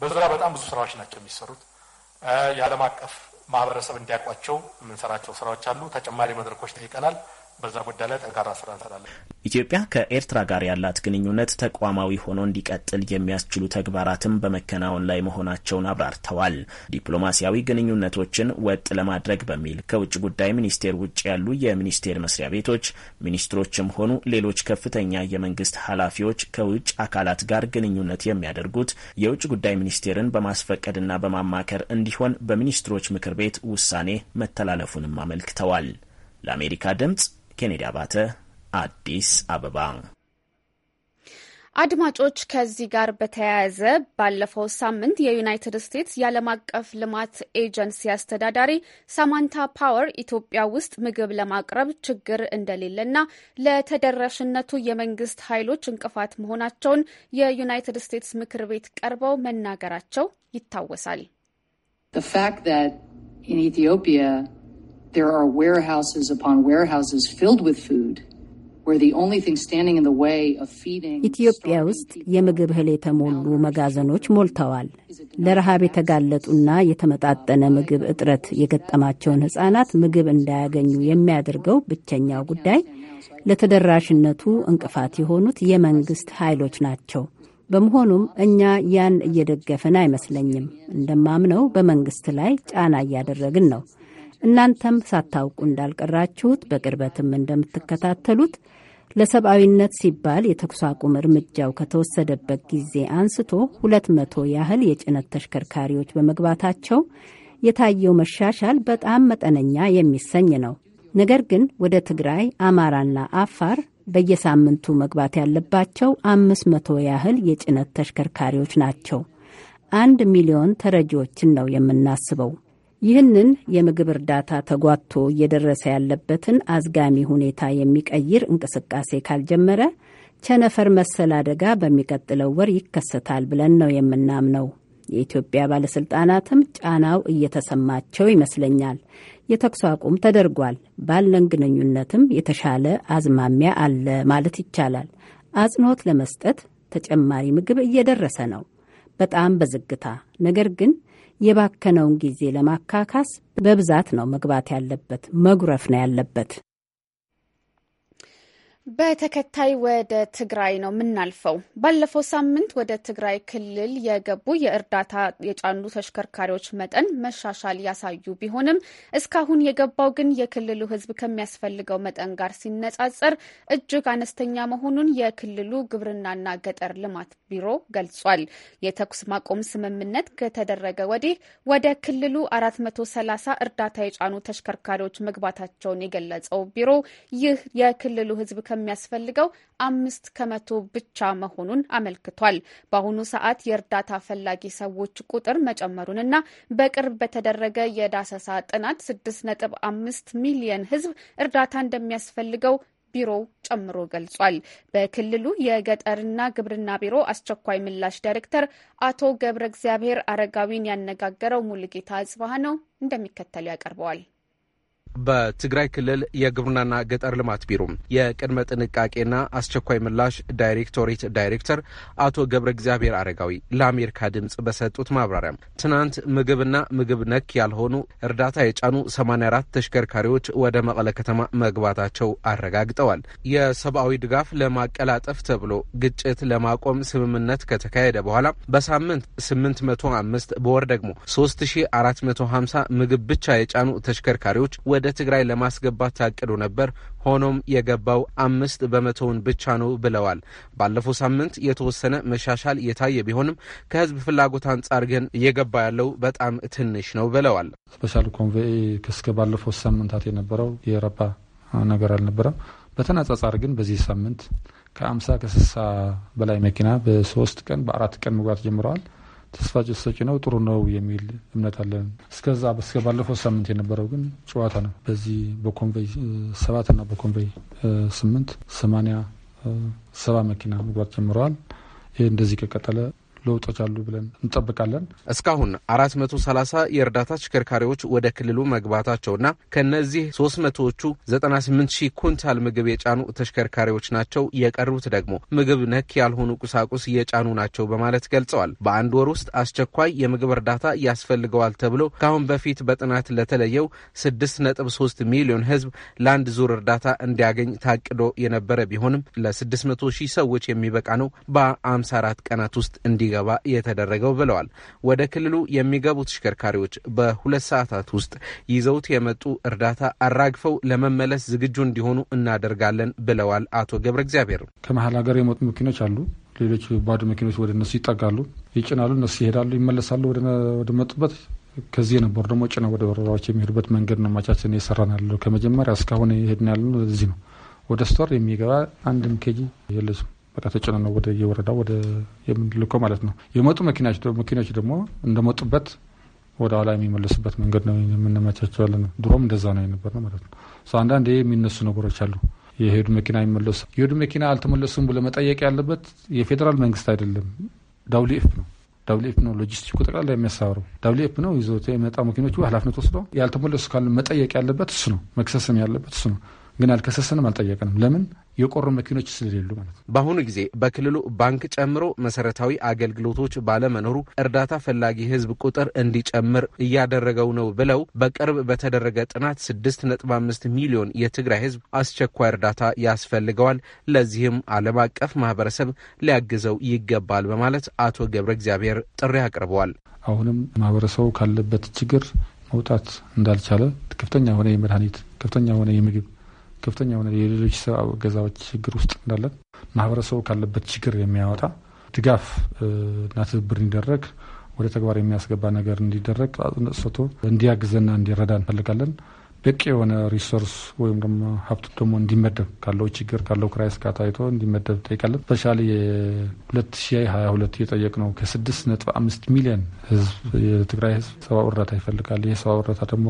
በዙሪያ በጣም ብዙ ስራዎች ናቸው የሚሰሩት። የዓለም አቀፍ ማህበረሰብ እንዲያውቋቸው የምንሰራቸው ስራዎች አሉ። ተጨማሪ መድረኮች ጠይቀናል። በዛ ጉዳይ ላይ ጠንካራ ስራ እንሰራለን። ኢትዮጵያ ከኤርትራ ጋር ያላት ግንኙነት ተቋማዊ ሆኖ እንዲቀጥል የሚያስችሉ ተግባራትም በመከናወን ላይ መሆናቸውን አብራርተዋል። ዲፕሎማሲያዊ ግንኙነቶችን ወጥ ለማድረግ በሚል ከውጭ ጉዳይ ሚኒስቴር ውጭ ያሉ የሚኒስቴር መስሪያ ቤቶች ሚኒስትሮችም ሆኑ ሌሎች ከፍተኛ የመንግስት ኃላፊዎች ከውጭ አካላት ጋር ግንኙነት የሚያደርጉት የውጭ ጉዳይ ሚኒስቴርን በማስፈቀድና በማማከር እንዲሆን በሚኒስትሮች ምክር ቤት ውሳኔ መተላለፉንም አመልክተዋል። ለአሜሪካ ድምጽ ኬኔዲ አባተ አዲስ አበባ። አድማጮች ከዚህ ጋር በተያያዘ ባለፈው ሳምንት የዩናይትድ ስቴትስ የዓለም አቀፍ ልማት ኤጀንሲ አስተዳዳሪ ሳማንታ ፓወር ኢትዮጵያ ውስጥ ምግብ ለማቅረብ ችግር እንደሌለና ለተደራሽነቱ የመንግስት ኃይሎች እንቅፋት መሆናቸውን የዩናይትድ ስቴትስ ምክር ቤት ቀርበው መናገራቸው ይታወሳል። there are warehouses upon warehouses filled with food. ኢትዮጵያ ውስጥ የምግብ እህል የተሞሉ መጋዘኖች ሞልተዋል። ለረሃብ የተጋለጡና የተመጣጠነ ምግብ እጥረት የገጠማቸውን ሕጻናት ምግብ እንዳያገኙ የሚያደርገው ብቸኛው ጉዳይ ለተደራሽነቱ እንቅፋት የሆኑት የመንግስት ኃይሎች ናቸው። በመሆኑም እኛ ያን እየደገፍን አይመስለኝም። እንደማምነው በመንግስት ላይ ጫና እያደረግን ነው። እናንተም ሳታውቁ እንዳልቀራችሁት በቅርበትም እንደምትከታተሉት ለሰብአዊነት ሲባል የተኩስ አቁም እርምጃው ከተወሰደበት ጊዜ አንስቶ ሁለት መቶ ያህል የጭነት ተሽከርካሪዎች በመግባታቸው የታየው መሻሻል በጣም መጠነኛ የሚሰኝ ነው። ነገር ግን ወደ ትግራይ፣ አማራና አፋር በየሳምንቱ መግባት ያለባቸው አምስት መቶ ያህል የጭነት ተሽከርካሪዎች ናቸው። አንድ ሚሊዮን ተረጂዎችን ነው የምናስበው። ይህንን የምግብ እርዳታ ተጓቶ እየደረሰ ያለበትን አዝጋሚ ሁኔታ የሚቀይር እንቅስቃሴ ካልጀመረ ቸነፈር መሰል አደጋ በሚቀጥለው ወር ይከሰታል ብለን ነው የምናምነው። የኢትዮጵያ ባለስልጣናትም ጫናው እየተሰማቸው ይመስለኛል። የተኩስ አቁም ተደርጓል፣ ባለን ግንኙነትም የተሻለ አዝማሚያ አለ ማለት ይቻላል። አጽንኦት ለመስጠት ተጨማሪ ምግብ እየደረሰ ነው፣ በጣም በዝግታ ነገር ግን የባከነውን ጊዜ ለማካካስ በብዛት ነው መግባት ያለበት፣ መጉረፍ ነው ያለበት። በተከታይ ወደ ትግራይ ነው የምናልፈው። ባለፈው ሳምንት ወደ ትግራይ ክልል የገቡ የእርዳታ የጫኑ ተሽከርካሪዎች መጠን መሻሻል ያሳዩ ቢሆንም እስካሁን የገባው ግን የክልሉ ሕዝብ ከሚያስፈልገው መጠን ጋር ሲነጻጸር እጅግ አነስተኛ መሆኑን የክልሉ ግብርናና ገጠር ልማት ቢሮ ገልጿል። የተኩስ ማቆም ስምምነት ከተደረገ ወዲህ ወደ ክልሉ 430 እርዳታ የጫኑ ተሽከርካሪዎች መግባታቸውን የገለጸው ቢሮ ይህ የክልሉ ሕዝብ ከሚያስፈልገው አምስት ከመቶ ብቻ መሆኑን አመልክቷል። በአሁኑ ሰዓት የእርዳታ ፈላጊ ሰዎች ቁጥር መጨመሩንና በቅርብ በተደረገ የዳሰሳ ጥናት ስድስት ነጥብ አምስት ሚሊየን ሕዝብ እርዳታ እንደሚያስፈልገው ቢሮው ጨምሮ ገልጿል። በክልሉ የገጠርና ግብርና ቢሮ አስቸኳይ ምላሽ ዳይሬክተር አቶ ገብረ እግዚአብሔር አረጋዊን ያነጋገረው ሙልጌታ አጽባህ ነው፣ እንደሚከተሉ ያቀርበዋል። በትግራይ ክልል የግብርናና ገጠር ልማት ቢሮ የቅድመ ጥንቃቄና አስቸኳይ ምላሽ ዳይሬክቶሬት ዳይሬክተር አቶ ገብረ እግዚአብሔር አረጋዊ ለአሜሪካ ድምፅ በሰጡት ማብራሪያ ትናንት ምግብና ምግብ ነክ ያልሆኑ እርዳታ የጫኑ 84 ተሽከርካሪዎች ወደ መቀለ ከተማ መግባታቸው አረጋግጠዋል። የሰብአዊ ድጋፍ ለማቀላጠፍ ተብሎ ግጭት ለማቆም ስምምነት ከተካሄደ በኋላ በሳምንት 805 በወር ደግሞ 3450 ምግብ ብቻ የጫኑ ተሽከርካሪዎች ወደ ትግራይ ለማስገባት ታቅዶ ነበር። ሆኖም የገባው አምስት በመቶውን ብቻ ነው ብለዋል። ባለፈው ሳምንት የተወሰነ መሻሻል የታየ ቢሆንም ከህዝብ ፍላጎት አንጻር ግን እየገባ ያለው በጣም ትንሽ ነው ብለዋል። ስፔሻል ኮንቮይ እስከ ባለፈው ሳምንታት የነበረው የረባ ነገር አልነበረም። በተነጻጻር ግን በዚህ ሳምንት ከአምሳ ከስሳ በላይ መኪና በሶስት ቀን በአራት ቀን መግባት ጀምረዋል። ተስፋ ሰጪ ነው፣ ጥሩ ነው የሚል እምነት አለን። እስከዛ እስከ ባለፈው ሳምንት የነበረው ግን ጨዋታ ነው። በዚህ በኮንቬይ ሰባትና በኮንቬይ ስምንት ሰማንያ ሰባ መኪና መግባት ጀምረዋል። ይህ እንደዚህ ከቀጠለ ለውጦች አሉ ብለን እንጠብቃለን። እስካሁን 430 የእርዳታ ተሽከርካሪዎች ወደ ክልሉ መግባታቸውና ከእነዚህ 300ዎቹ 98 ሺህ ኩንታል ምግብ የጫኑ ተሽከርካሪዎች ናቸው። የቀሩት ደግሞ ምግብ ነክ ያልሆኑ ቁሳቁስ የጫኑ ናቸው በማለት ገልጸዋል። በአንድ ወር ውስጥ አስቸኳይ የምግብ እርዳታ ያስፈልገዋል ተብሎ ከአሁን በፊት በጥናት ለተለየው 6.3 ሚሊዮን ህዝብ ለአንድ ዙር እርዳታ እንዲያገኝ ታቅዶ የነበረ ቢሆንም ለ600 ሺህ ሰዎች የሚበቃ ነው በ54 ቀናት ውስጥ እንዲ እንዲገባ የተደረገው ብለዋል። ወደ ክልሉ የሚገቡ ተሽከርካሪዎች በሁለት ሰዓታት ውስጥ ይዘውት የመጡ እርዳታ አራግፈው ለመመለስ ዝግጁ እንዲሆኑ እናደርጋለን ብለዋል። አቶ ገብረ እግዚአብሔር ከመሀል ሀገር የመጡ መኪኖች አሉ። ሌሎች ባዶ መኪኖች ወደ እነሱ ይጠጋሉ፣ ይጭናሉ፣ እነሱ ይሄዳሉ፣ ይመለሳሉ ወደ መጡበት። ከዚህ የነበሩ ደግሞ ጭነው ወደ በረራዎች የሚሄዱበት መንገድ ነው ማቻችን እየሰራን ያለው ከመጀመሪያ እስካሁን ሄድን ያለ እዚህ ነው። ወደ ስቶር የሚገባ አንድም ኬጂ የለሱም። ወጣቶች ነው ወደ የወረዳው ወደ የምንልከው ማለት ነው። የመጡ መኪናዎች ደግሞ እንደመጡበት ወደ ኋላ የሚመለሱበት መንገድ ነው ነው። ድሮም እንደዛ ነው የነበር ነው ማለት ነው። አንዳንዴ የሚነሱ ነገሮች አሉ። የሄዱ መኪና አይመለሱ የሄዱ መኪና አልተመለሱም ብሎ መጠየቅ ያለበት የፌዴራል መንግስት አይደለም፣ ዳውሊፍ ነው። ዳብሊኤፍ ነው ሎጂስቲኩ ጠቅላላ የሚያሳብረው ዳብሊኤፍ ነው። ይዞ የመጣ መኪኖቹ ኃላፊነት ወስዶ ያልተመለሱ ካለ መጠየቅ ያለበት እሱ ነው፣ መክሰስም ያለበት እሱ ነው። ግን አልከሰሰንም፣ አልጠየቅንም። ለምን የቆሩ መኪኖች ስለሌሉ ማለት ነው። በአሁኑ ጊዜ በክልሉ ባንክ ጨምሮ መሰረታዊ አገልግሎቶች ባለመኖሩ እርዳታ ፈላጊ ህዝብ ቁጥር እንዲጨምር እያደረገው ነው ብለው በቅርብ በተደረገ ጥናት 6.5 ሚሊዮን የትግራይ ህዝብ አስቸኳይ እርዳታ ያስፈልገዋል፣ ለዚህም ዓለም አቀፍ ማህበረሰብ ሊያግዘው ይገባል በማለት አቶ ገብረ እግዚአብሔር ጥሪ አቅርበዋል። አሁንም ማህበረሰቡ ካለበት ችግር መውጣት እንዳልቻለ ከፍተኛ የሆነ የመድኃኒት ከፍተኛ የሆነ የምግብ ከፍተኛ የሆነ የሌሎች ሰብአዊ እገዛዎች ችግር ውስጥ እንዳለን ማህበረሰቡ ካለበት ችግር የሚያወጣ ድጋፍ እና ትብብር እንዲደረግ ወደ ተግባር የሚያስገባ ነገር እንዲደረግ ሰቶ እንዲያግዘና እንዲረዳ እንፈልጋለን። በቂ የሆነ ሪሶርስ ወይም ደግሞ ሀብቱ ደግሞ እንዲመደብ ካለው ችግር ካለው ክራይስ ጋር ታይቶ እንዲመደብ ጠይቃለን። ስፔሻሊ የ2022 የጠየቅነው ከስድስት ነጥብ አምስት ሚሊዮን ህዝብ የትግራይ ህዝብ ሰብአዊ እርዳታ ይፈልጋል። ይህ ሰብአዊ እርዳታ ደግሞ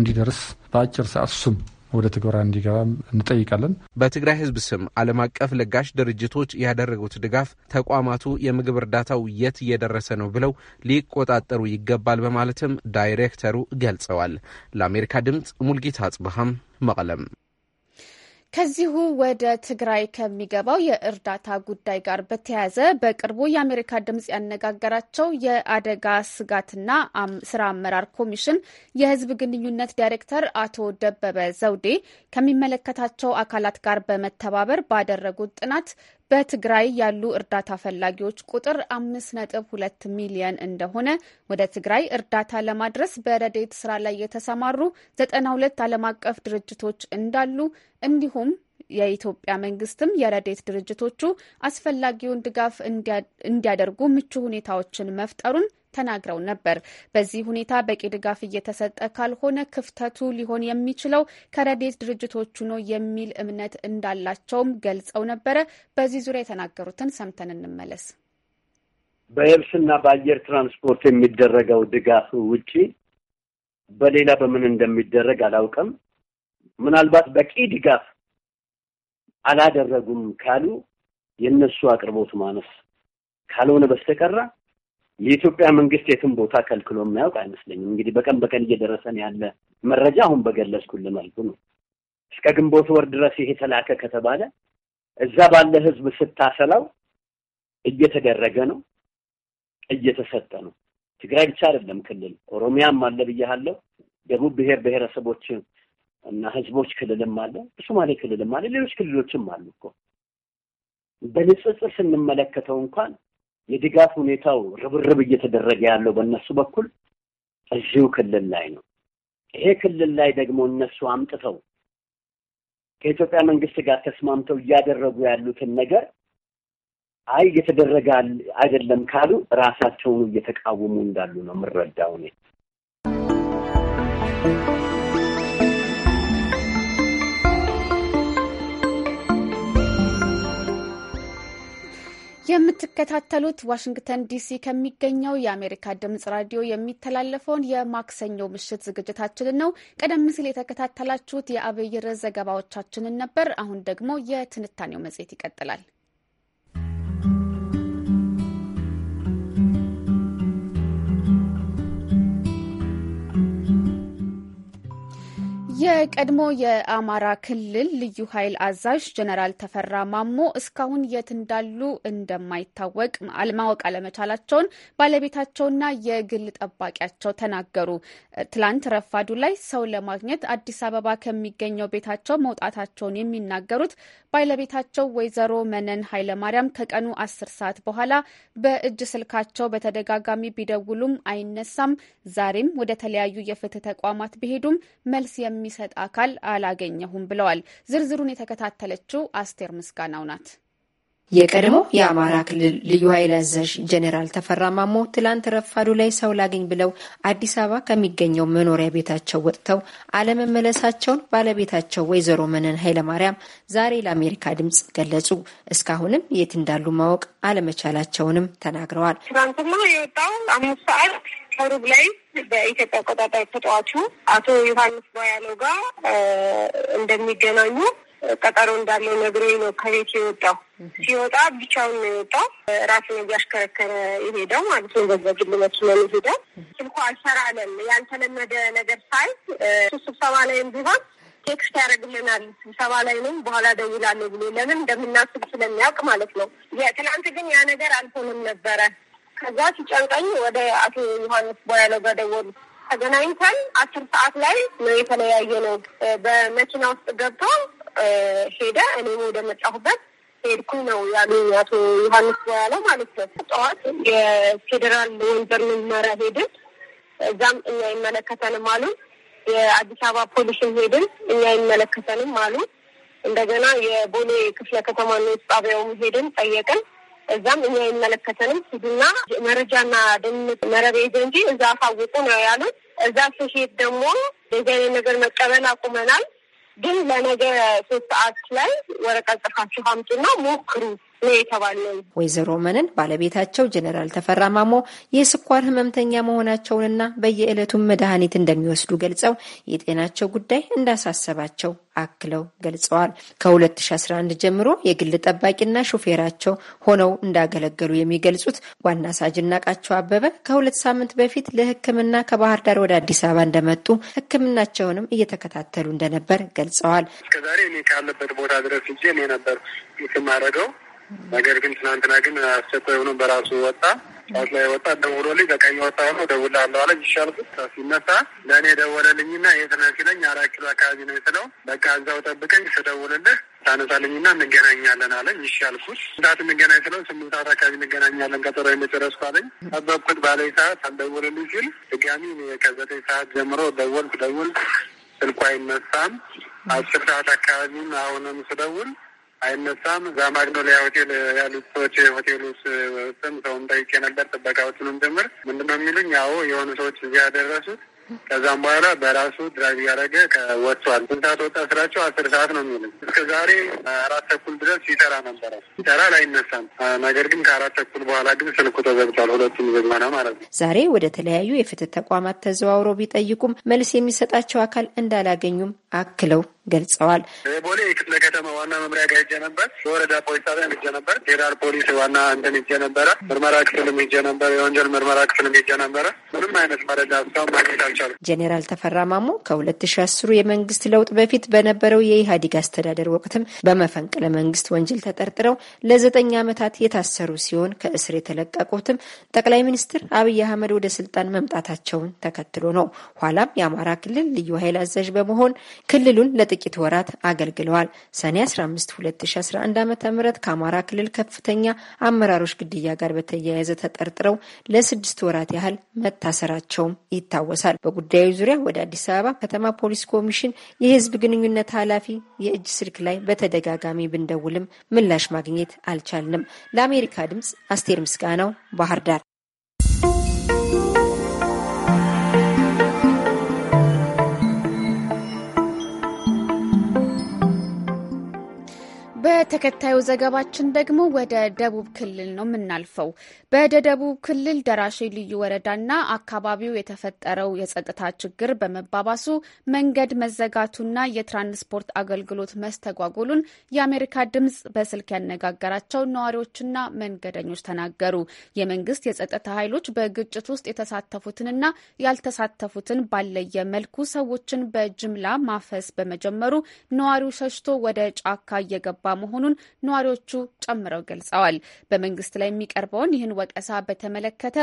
እንዲደርስ በአጭር ሰዓት ሱም ወደ ትግበራ እንዲገባ እንጠይቃለን። በትግራይ ህዝብ ስም ዓለም አቀፍ ለጋሽ ድርጅቶች ያደረጉት ድጋፍ ተቋማቱ የምግብ እርዳታው የት እየደረሰ ነው ብለው ሊቆጣጠሩ ይገባል በማለትም ዳይሬክተሩ ገልጸዋል። ለአሜሪካ ድምፅ ሙልጌታ አጽብሃም መቀለም ከዚሁ ወደ ትግራይ ከሚገባው የእርዳታ ጉዳይ ጋር በተያያዘ በቅርቡ የአሜሪካ ድምጽ ያነጋገራቸው የአደጋ ስጋትና ስራ አመራር ኮሚሽን የሕዝብ ግንኙነት ዳይሬክተር አቶ ደበበ ዘውዴ ከሚመለከታቸው አካላት ጋር በመተባበር ባደረጉት ጥናት በትግራይ ያሉ እርዳታ ፈላጊዎች ቁጥር አምስት ነጥብ ሁለት ሚሊየን እንደሆነ ወደ ትግራይ እርዳታ ለማድረስ በረዴት ስራ ላይ የተሰማሩ ዘጠና ሁለት ዓለም አቀፍ ድርጅቶች እንዳሉ እንዲሁም የኢትዮጵያ መንግስትም የረዴት ድርጅቶቹ አስፈላጊውን ድጋፍ እንዲያደርጉ ምቹ ሁኔታዎችን መፍጠሩን ተናግረው ነበር። በዚህ ሁኔታ በቂ ድጋፍ እየተሰጠ ካልሆነ ክፍተቱ ሊሆን የሚችለው ከረዴት ድርጅቶቹ ነው የሚል እምነት እንዳላቸውም ገልጸው ነበረ። በዚህ ዙሪያ የተናገሩትን ሰምተን እንመለስ። በየብስና በአየር ትራንስፖርት የሚደረገው ድጋፍ ውጪ በሌላ በምን እንደሚደረግ አላውቅም። ምናልባት በቂ ድጋፍ አላደረጉም ካሉ የእነሱ አቅርቦት ማነስ ካልሆነ በስተቀራ የኢትዮጵያ መንግስት የትም ቦታ ከልክሎ የማያውቅ አይመስለኝም። እንግዲህ በቀን በቀን እየደረሰን ያለ መረጃ አሁን በገለጽኩ መልኩ ነው። እስከ ግንቦት ወር ድረስ ይሄ ተላከ ከተባለ እዛ ባለ ህዝብ ስታሰላው እየተደረገ ነው፣ እየተሰጠ ነው። ትግራይ ብቻ አይደለም ክልል ኦሮሚያም አለ ብያለሁ። ደቡብ ብሔር ብሔረሰቦች እና ህዝቦች ክልልም አለ፣ በሶማሌ ክልልም አለ፣ ሌሎች ክልሎችም አሉ እኮ በንጽጽር ስንመለከተው እንኳን የድጋፍ ሁኔታው ርብርብ እየተደረገ ያለው በእነሱ በኩል እዚሁ ክልል ላይ ነው። ይሄ ክልል ላይ ደግሞ እነሱ አምጥተው ከኢትዮጵያ መንግስት ጋር ተስማምተው እያደረጉ ያሉትን ነገር አይ እየተደረገ አይደለም ካሉ ራሳቸውን እየተቃወሙ እንዳሉ ነው የምረዳው እኔ። የምትከታተሉት ዋሽንግተን ዲሲ ከሚገኘው የአሜሪካ ድምጽ ራዲዮ የሚተላለፈውን የማክሰኞ ምሽት ዝግጅታችንን ነው። ቀደም ሲል የተከታተላችሁት የአብይር ዘገባዎቻችንን ነበር። አሁን ደግሞ የትንታኔው መጽሔት ይቀጥላል። የቀድሞ የአማራ ክልል ልዩ ኃይል አዛዥ ጀነራል ተፈራ ማሞ እስካሁን የት እንዳሉ እንደማይታወቅ ማወቅ አለመቻላቸውን ባለቤታቸውና የግል ጠባቂያቸው ተናገሩ። ትላንት ረፋዱ ላይ ሰው ለማግኘት አዲስ አበባ ከሚገኘው ቤታቸው መውጣታቸውን የሚናገሩት ባለቤታቸው ወይዘሮ መነን ኃይለማርያም ከቀኑ አስር ሰዓት በኋላ በእጅ ስልካቸው በተደጋጋሚ ቢደውሉም አይነሳም። ዛሬም ወደ ተለያዩ የፍትህ ተቋማት ቢሄዱም መልስ የሚ የሚሰጥ አካል አላገኘሁም ብለዋል። ዝርዝሩን የተከታተለችው አስቴር ምስጋናው ናት። የቀድሞ የአማራ ክልል ልዩ ኃይል አዛዥ ጀኔራል ተፈራ ማሞ ትላንት ረፋዱ ላይ ሰው ላገኝ ብለው አዲስ አበባ ከሚገኘው መኖሪያ ቤታቸው ወጥተው አለመመለሳቸውን ባለቤታቸው ወይዘሮ መነን ኃይለማርያም ዛሬ ለአሜሪካ ድምፅ ገለጹ። እስካሁንም የት እንዳሉ ማወቅ አለመቻላቸውንም ተናግረዋል። ትናንትና የወጣው አምስት ሰዓት ፎሩም ላይ በኢትዮጵያ አቆጣጠር ተጫዋቹ አቶ ዮሐንስ ባያለው ጋር እንደሚገናኙ ቀጠሮ እንዳለው ነግሮኝ ነው ከቤት የወጣው። ሲወጣ ብቻውን ነው የወጣው። ራሱን እያሽከረከረ የሄደው ማለት ነው። በዛ ግል መኪና ነው የሄደው። ስልኩ አልሰራ ያልተለመደ ነገር ሳይ ስብሰባ ላይም ቢሆን ቴክስት ያደርግልናል። ስብሰባ ላይ ነው በኋላ ደውላለሁ ብሎ ለምን እንደምናስብ ስለሚያውቅ ማለት ነው። ትናንት ግን ያ ነገር አልሆንም ነበረ ከዛ ሲጨንቀኝ ወደ አቶ ዮሐንስ ቦያ ነው በደወሉ ተገናኝተን አስር ሰዓት ላይ ነው የተለያየ ነው። በመኪና ውስጥ ገብቶ ሄደ። እኔ ወደ መጣሁበት ሄድኩ ነው ያሉ አቶ ዮሐንስ ቦያለው ማለት ነው። ጠዋት የፌዴራል ወንጀል ምርመራ ሄድን። እዛም እኛ አይመለከተንም አሉ። የአዲስ አበባ ፖሊስን ሄድን። እኛ አይመለከተንም አሉ። እንደገና የቦሌ ክፍለ ከተማ ጣቢያውም ሄድን ጠየቅን። እዛም እኛ የመለከተንም ሂዱና መረጃና ደህንነት መረብ እንጂ እዛ አሳውቁ ነው ያሉት። እዛ ስሄድ ደግሞ የዚህ አይነት ነገር መቀበል አቁመናል፣ ግን ለነገ ሶስት ሰዓት ላይ ወረቀት ጽፋችሁ አምጡና ሞክሩ ነው የተባለው። ወይዘሮ መነን ባለቤታቸው ጀኔራል ተፈራ ማሞ የስኳር ህመምተኛ መሆናቸውንና በየዕለቱም መድኃኒት እንደሚወስዱ ገልጸው የጤናቸው ጉዳይ እንዳሳሰባቸው አክለው ገልጸዋል። ከ2011 ጀምሮ የግል ጠባቂና ሹፌራቸው ሆነው እንዳገለገሉ የሚገልጹት ዋና ሳጅ ናቃቸው አበበ ከሁለት ሳምንት በፊት ለሕክምና ከባህር ዳር ወደ አዲስ አበባ እንደመጡ ሕክምናቸውንም እየተከታተሉ እንደነበር ገልጸዋል። እስከዛሬ እኔ ካለበት ቦታ ድረስ እጄ እኔ ነበር የማደርገው ነገር ግን ትናንትና ግን አስቸኳይ ሆኖ በራሱ ወጣ ጫት ላይ ወጣ። ደውሎልኝ በቀኝ ወጣ ሆኖ ደውላለሁ አለኝ። ይሻልኩት ሲነሳ ለእኔ ደወለልኝና የት ነህ ሲለኝ አራት ኪሎ አካባቢ ነው ስለው በቃ እዛው ጠብቀኝ ስደውልልህ ታነሳልኝና እንገናኛለን አለ ይሻልኩት ሰዓት እንገናኝ ስለው ስምንት ሰዓት አካባቢ እንገናኛለን ቀጠሮ የመጨረስኩ አለኝ። ጠበቅኩት ባለ ሰዓት አልደውልልኝ ሲል ድጋሚ ከዘጠኝ ሰዓት ጀምሮ ደወልኩ ደውል ስልኩ አይነሳም። አስር ሰዓት አካባቢም አሁንም ስደውል አይነሳም። እዛ ማግኖሊያ ሆቴል ያሉት ሰዎች ሆቴሉ ስም ሰውም ጠይቄ ነበር፣ ጥበቃዎቹንም ጭምር ምንድነው የሚሉኝ፣ ያው የሆኑ ሰዎች እዚያ ያደረሱት ከዛም በኋላ በራሱ ድራይቭ እያደረገ ወጥቷል። ስንት ሰዓት ወጣ ስራቸው? አስር ሰዓት ነው የሚሉኝ። እስከ ዛሬ አራት ተኩል ድረስ ሲሰራ ነበረ ሲሰራ ላይነሳም። ነገር ግን ከአራት ተኩል በኋላ ግን ስልኩ ተዘግቷል። ሁለቱም ዘግመና ማለት ነው። ዛሬ ወደ ተለያዩ የፍትህ ተቋማት ተዘዋውረው ቢጠይቁም መልስ የሚሰጣቸው አካል እንዳላገኙም አክለው ገልጸዋል። ቦሌ የክፍለ ከተማ ዋና መምሪያ ጋር ሄጄ ነበር። የወረዳ ፖሊስ ጣቢያ ሄጄ ነበር። ፌዴራል ፖሊስ ዋና እንትን ሄጄ ነበረ። ምርመራ ክፍልም ሄጄ ነበረ። የወንጀል ምርመራ ክፍልም ሄጄ ነበረ። ምንም አይነት መረጃ እስካሁን ማግኘት አልቻሉም። ጄኔራል ተፈራ ማሞ ከሁለት ሺ አስሩ የመንግስት ለውጥ በፊት በነበረው የኢህአዴግ አስተዳደር ወቅትም በመፈንቅለ መንግስት ወንጀል ተጠርጥረው ለዘጠኝ ዓመታት የታሰሩ ሲሆን ከእስር የተለቀቁትም ጠቅላይ ሚኒስትር አብይ አህመድ ወደ ስልጣን መምጣታቸውን ተከትሎ ነው። ኋላም የአማራ ክልል ልዩ ኃይል አዛዥ በመሆን ክልሉን ለ ለጥቂት ወራት አገልግለዋል። ሰኔ 15 2011 ዓ.ም ከአማራ ክልል ከፍተኛ አመራሮች ግድያ ጋር በተያያዘ ተጠርጥረው ለስድስት ወራት ያህል መታሰራቸውም ይታወሳል። በጉዳዩ ዙሪያ ወደ አዲስ አበባ ከተማ ፖሊስ ኮሚሽን የህዝብ ግንኙነት ኃላፊ የእጅ ስልክ ላይ በተደጋጋሚ ብንደውልም ምላሽ ማግኘት አልቻልንም። ለአሜሪካ ድምፅ አስቴር ምስጋናው ባህር ዳር። በተከታዩ ዘገባችን ደግሞ ወደ ደቡብ ክልል ነው የምናልፈው። ደቡብ ክልል ደራሼ ልዩ ወረዳና አካባቢው የተፈጠረው የጸጥታ ችግር በመባባሱ መንገድ መዘጋቱና የትራንስፖርት አገልግሎት መስተጓጎሉን የአሜሪካ ድምፅ በስልክ ያነጋገራቸው ነዋሪዎችና መንገደኞች ተናገሩ። የመንግስት የጸጥታ ኃይሎች በግጭት ውስጥ የተሳተፉትንና ያልተሳተፉትን ባለየ መልኩ ሰዎችን በጅምላ ማፈስ በመጀመሩ ነዋሪው ሸሽቶ ወደ ጫካ እየገባ መሆኑን ነዋሪዎቹ ጨምረው ገልጸዋል። በመንግስት ላይ የሚቀርበውን ይህን ወቀሳ በተመለከተ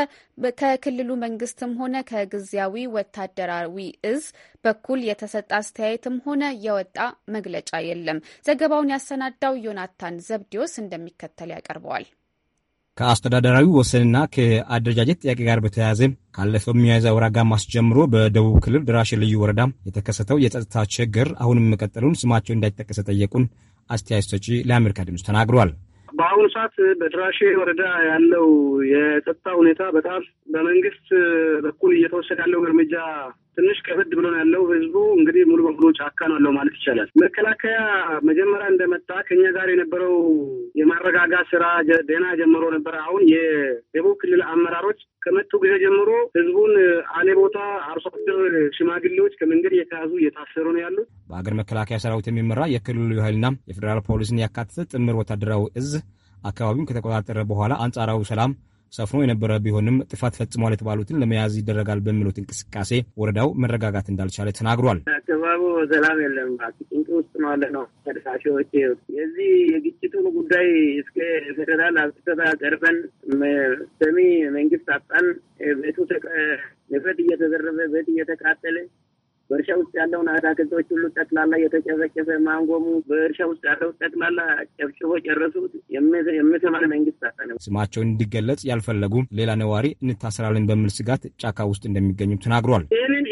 ከክልሉ መንግስትም ሆነ ከጊዜያዊ ወታደራዊ እዝ በኩል የተሰጠ አስተያየትም ሆነ የወጣ መግለጫ የለም። ዘገባውን ያሰናዳው ዮናታን ዘብዲዮስ እንደሚከተል ያቀርበዋል። ከአስተዳደራዊ ወሰንና ከአደረጃጀት ጥያቄ ጋር በተያያዘ ካለፈው ሚያዝያ ወር አጋማሽ ጀምሮ በደቡብ ክልል ድራሽ ልዩ ወረዳ የተከሰተው የጸጥታ ችግር አሁንም መቀጠሉን ስማቸው እንዳይጠቀስ ጠየቁን አስተያየት ሰጪ ለአሜሪካ ድምፅ ተናግሯል። በአሁኑ ሰዓት በድራሼ ወረዳ ያለው የጸጥታ ሁኔታ በጣም በመንግስት በኩል እየተወሰደ ያለውን እርምጃ ትንሽ ከበድ ብሎን ያለው። ህዝቡ እንግዲህ ሙሉ በሙሉ ጫካ ነው ያለው ማለት ይቻላል። መከላከያ መጀመሪያ እንደመጣ ከኛ ጋር የነበረው የማረጋጋት ስራ ደና ጀምሮ ነበር። አሁን የደቡብ ክልል አመራሮች ከመጡ ጊዜ ጀምሮ ህዝቡን አሌ ቦታ አርሶ አደር ሽማግሌዎች ከመንገድ የተያዙ እየታሰሩ ነው ያሉት። በአገር መከላከያ ሰራዊት የሚመራ የክልሉ ኃይልና የፌዴራል ፖሊስን ያካተተ ጥምር ወታደራዊ እዝ አካባቢውን ከተቆጣጠረ በኋላ አንጻራዊ ሰላም ሰፍኖ የነበረ ቢሆንም ጥፋት ፈጽሟል የተባሉትን ለመያዝ ይደረጋል በሚሉት እንቅስቃሴ ወረዳው መረጋጋት እንዳልቻለ ተናግሯል። አካባቢ ሰላም የለም፣ ጭንቅ ውስጥ ነው ያለ ነው። ተደራሾች የዚህ የግጭቱን ጉዳይ እስከ ፌደራል አስተዳ ቀርበን ሰሚ መንግስት አጣን። ቤቱ ንብረት እየተዘረፈ ቤት እየተቃጠለ በእርሻ ውስጥ ያለውን አትክልቶች ሁሉ ጠቅላላ የተጨፈጨፈ ማንጎሙ፣ በእርሻ ውስጥ ያለው ጠቅላላ ጨፍጭፎ ጨረሱት። የምሰማን መንግስት አጣ ነው። ስማቸውን እንዲገለጽ ያልፈለጉ ሌላ ነዋሪ እንታሰራለን በሚል ስጋት ጫካ ውስጥ እንደሚገኙ ተናግሯል።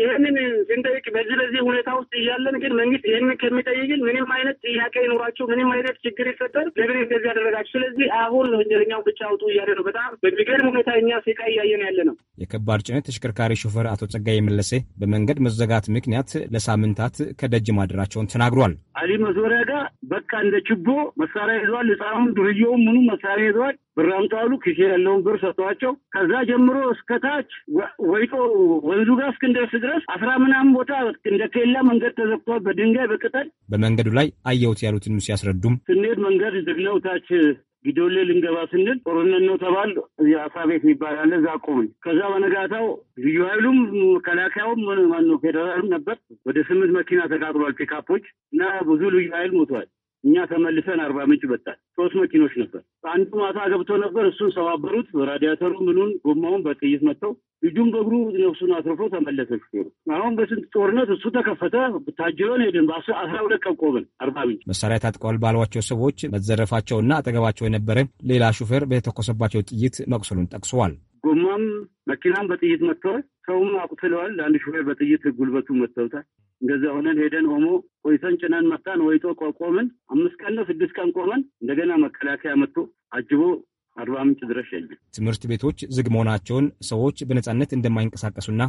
ይህንን ስንጠይቅ በዚህ በዚህ ሁኔታ ውስጥ እያለን ግን መንግስት ይህን ከሚጠይቅን ምንም አይነት ጥያቄ ይኖራችሁ ምንም አይነት ችግር ይፈጠር ለምን እንደዚህ ያደረጋችሁ? ስለዚህ አሁን ወንጀለኛው ብቻ አውጡ እያለ ነው። በጣም በሚገርም ሁኔታ እኛ ስቃይ እያየን ያለ ነው። የከባድ ጭነት ተሽከርካሪ ሾፈር አቶ ጸጋዬ መለሴ በመንገድ መዘጋት ምክ ምክንያት ለሳምንታት ከደጅ ማደራቸውን ተናግሯል። አሊ መዞሪያ ጋር በቃ እንደ ችቦ መሳሪያ ይዘዋል። ህፃኑም ዱርየውም ምኑ መሳሪያ ይዘዋል። ብር አሉ። ኪሴ ያለውን ብር ሰጥተዋቸው ከዛ ጀምሮ እስከ ታች ወይጦ ወንዙ ጋር እስክንደርስ ድረስ አስራ ምናምን ቦታ እንደ ኬላ መንገድ ተዘግቷል። በድንጋይ በቅጠል በመንገዱ ላይ አየሁት ያሉትን ሲያስረዱም ስንሄድ መንገድ ዝግ ነው ታች ጊዶሌ ልንገባ ስንል ጦርነት ነው ተባል አሳ ቤት የሚባል አለ። እዛ ቆምን። ከዛ በነጋታው ልዩ ኃይሉም መከላከያውም ማነው ፌደራልም ነበር። ወደ ስምንት መኪና ተቃጥሏል፣ ፒካፖች እና ብዙ ልዩ ኃይል ሞቷል። እኛ ተመልሰን አርባ ምንጭ በጣል ሶስት መኪኖች ነበር። አንዱ ማታ ገብቶ ነበር። እሱን ሰባበሩት። ራዲያተሩ ምኑን ጎማውን በጥይት መጥተው ልጁም በእግሩ ነፍሱን አትርፎ ተመለሰ። አሁን በስንት ጦርነት እሱ ተከፈተ። ታጅበን ሄድን። በአስራ ሁለት ቀን አርባ ምንጭ። መሳሪያ ታጥቀዋል ባሏቸው ሰዎች መዘረፋቸውና አጠገባቸው የነበረ ሌላ ሹፌር በተኮሰባቸው ጥይት መቁሰሉን ጠቅሰዋል። ጎማም መኪናም በጥይት መጥተዋል። ሰውም አቁትለዋል። አንድ ሹፌር በጥይት ጉልበቱ መጥተውታል። እንደዛ ሆነን ሄደን ኦሞ ቆይተን ጭነን መጣን። ወይጦ ቆቆምን። አምስት ቀን ነው ስድስት ቀን ቆመን እንደገና መከላከያ መጥቶ አጅቦ አርባ ምንጭ ድረስ ሸኘን። ትምህርት ቤቶች ዝግ መሆናቸውን፣ ሰዎች በነጻነት እንደማይንቀሳቀሱና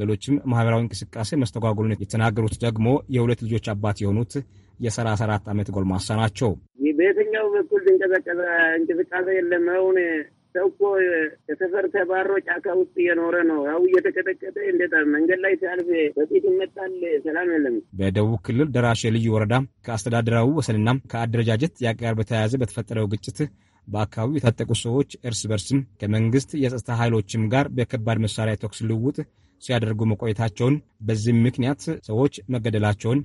ሌሎችም ማህበራዊ እንቅስቃሴ መስተጓጎሉን የተናገሩት ደግሞ የሁለት ልጆች አባት የሆኑት የሰላሳ አራት ዓመት ጎልማሳ ናቸው። በየትኛው በኩል እንቅስቃሴ የለም አሁን ሰው እኮ ከሰፈር ተባሮ ጫካ ውስጥ እየኖረ ነው። ያው እየተቀጠቀጠ እንዴት መንገድ ላይ ሲያልፍ በጤት ይመጣል። ሰላም የለም። በደቡብ ክልል ደራሼ ልዩ ወረዳ ከአስተዳደራዊ ወሰንና ከአደረጃጀት ያቀር በተያያዘ በተፈጠረው ግጭት በአካባቢው የታጠቁ ሰዎች እርስ በርስም ከመንግስት የጸጥታ ኃይሎችም ጋር በከባድ መሳሪያ ተኩስ ልውውጥ ሲያደርጉ መቆየታቸውን በዚህም ምክንያት ሰዎች መገደላቸውን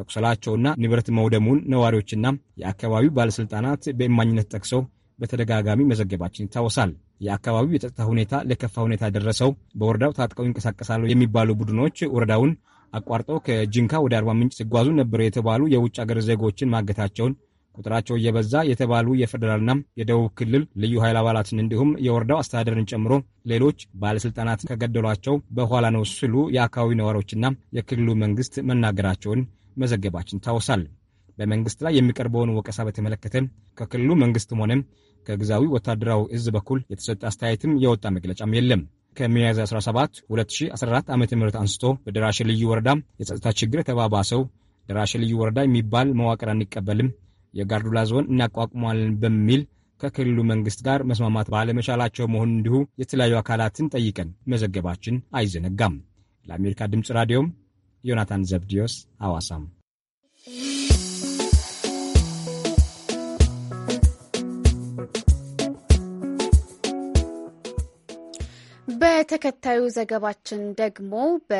መቁሰላቸውና ንብረት መውደሙን ነዋሪዎችና የአካባቢው ባለሥልጣናት በእማኝነት ጠቅሰው በተደጋጋሚ መዘገባችን ይታወሳል። የአካባቢው የጸጥታ ሁኔታ ለከፋ ሁኔታ ደረሰው በወረዳው ታጥቀው ይንቀሳቀሳሉ የሚባሉ ቡድኖች ወረዳውን አቋርጠው ከጅንካ ወደ አርባ ምንጭ ሲጓዙ ነበሩ የተባሉ የውጭ አገር ዜጎችን ማገታቸውን ቁጥራቸው እየበዛ የተባሉ የፌዴራልና የደቡብ ክልል ልዩ ኃይል አባላትን እንዲሁም የወረዳው አስተዳደርን ጨምሮ ሌሎች ባለስልጣናት ከገደሏቸው በኋላ ነው ሲሉ የአካባቢው ነዋሪዎችና የክልሉ መንግስት መናገራቸውን መዘገባችን ይታወሳል። በመንግስት ላይ የሚቀርበውን ወቀሳ በተመለከተ ከክልሉ መንግስትም ሆነም ከግዛዊ ወታደራዊ እዝ በኩል የተሰጠ አስተያየትም የወጣ መግለጫም የለም። ከሚያዝያ 17 2014 ዓ ም አንስቶ በደራሼ ልዩ ወረዳ የጸጥታ ችግር ተባባሰው። ደራሼ ልዩ ወረዳ የሚባል መዋቅር አንቀበልም፣ የጋርዱላ ዞን እናቋቁሟለን በሚል ከክልሉ መንግስት ጋር መስማማት ባለመቻላቸው መሆኑን እንዲሁ የተለያዩ አካላትን ጠይቀን መዘገባችን አይዘነጋም። ለአሜሪካ ድምፅ ራዲዮም ዮናታን ዘብዲዮስ አዋሳም። በተከታዩ ዘገባችን ደግሞ በ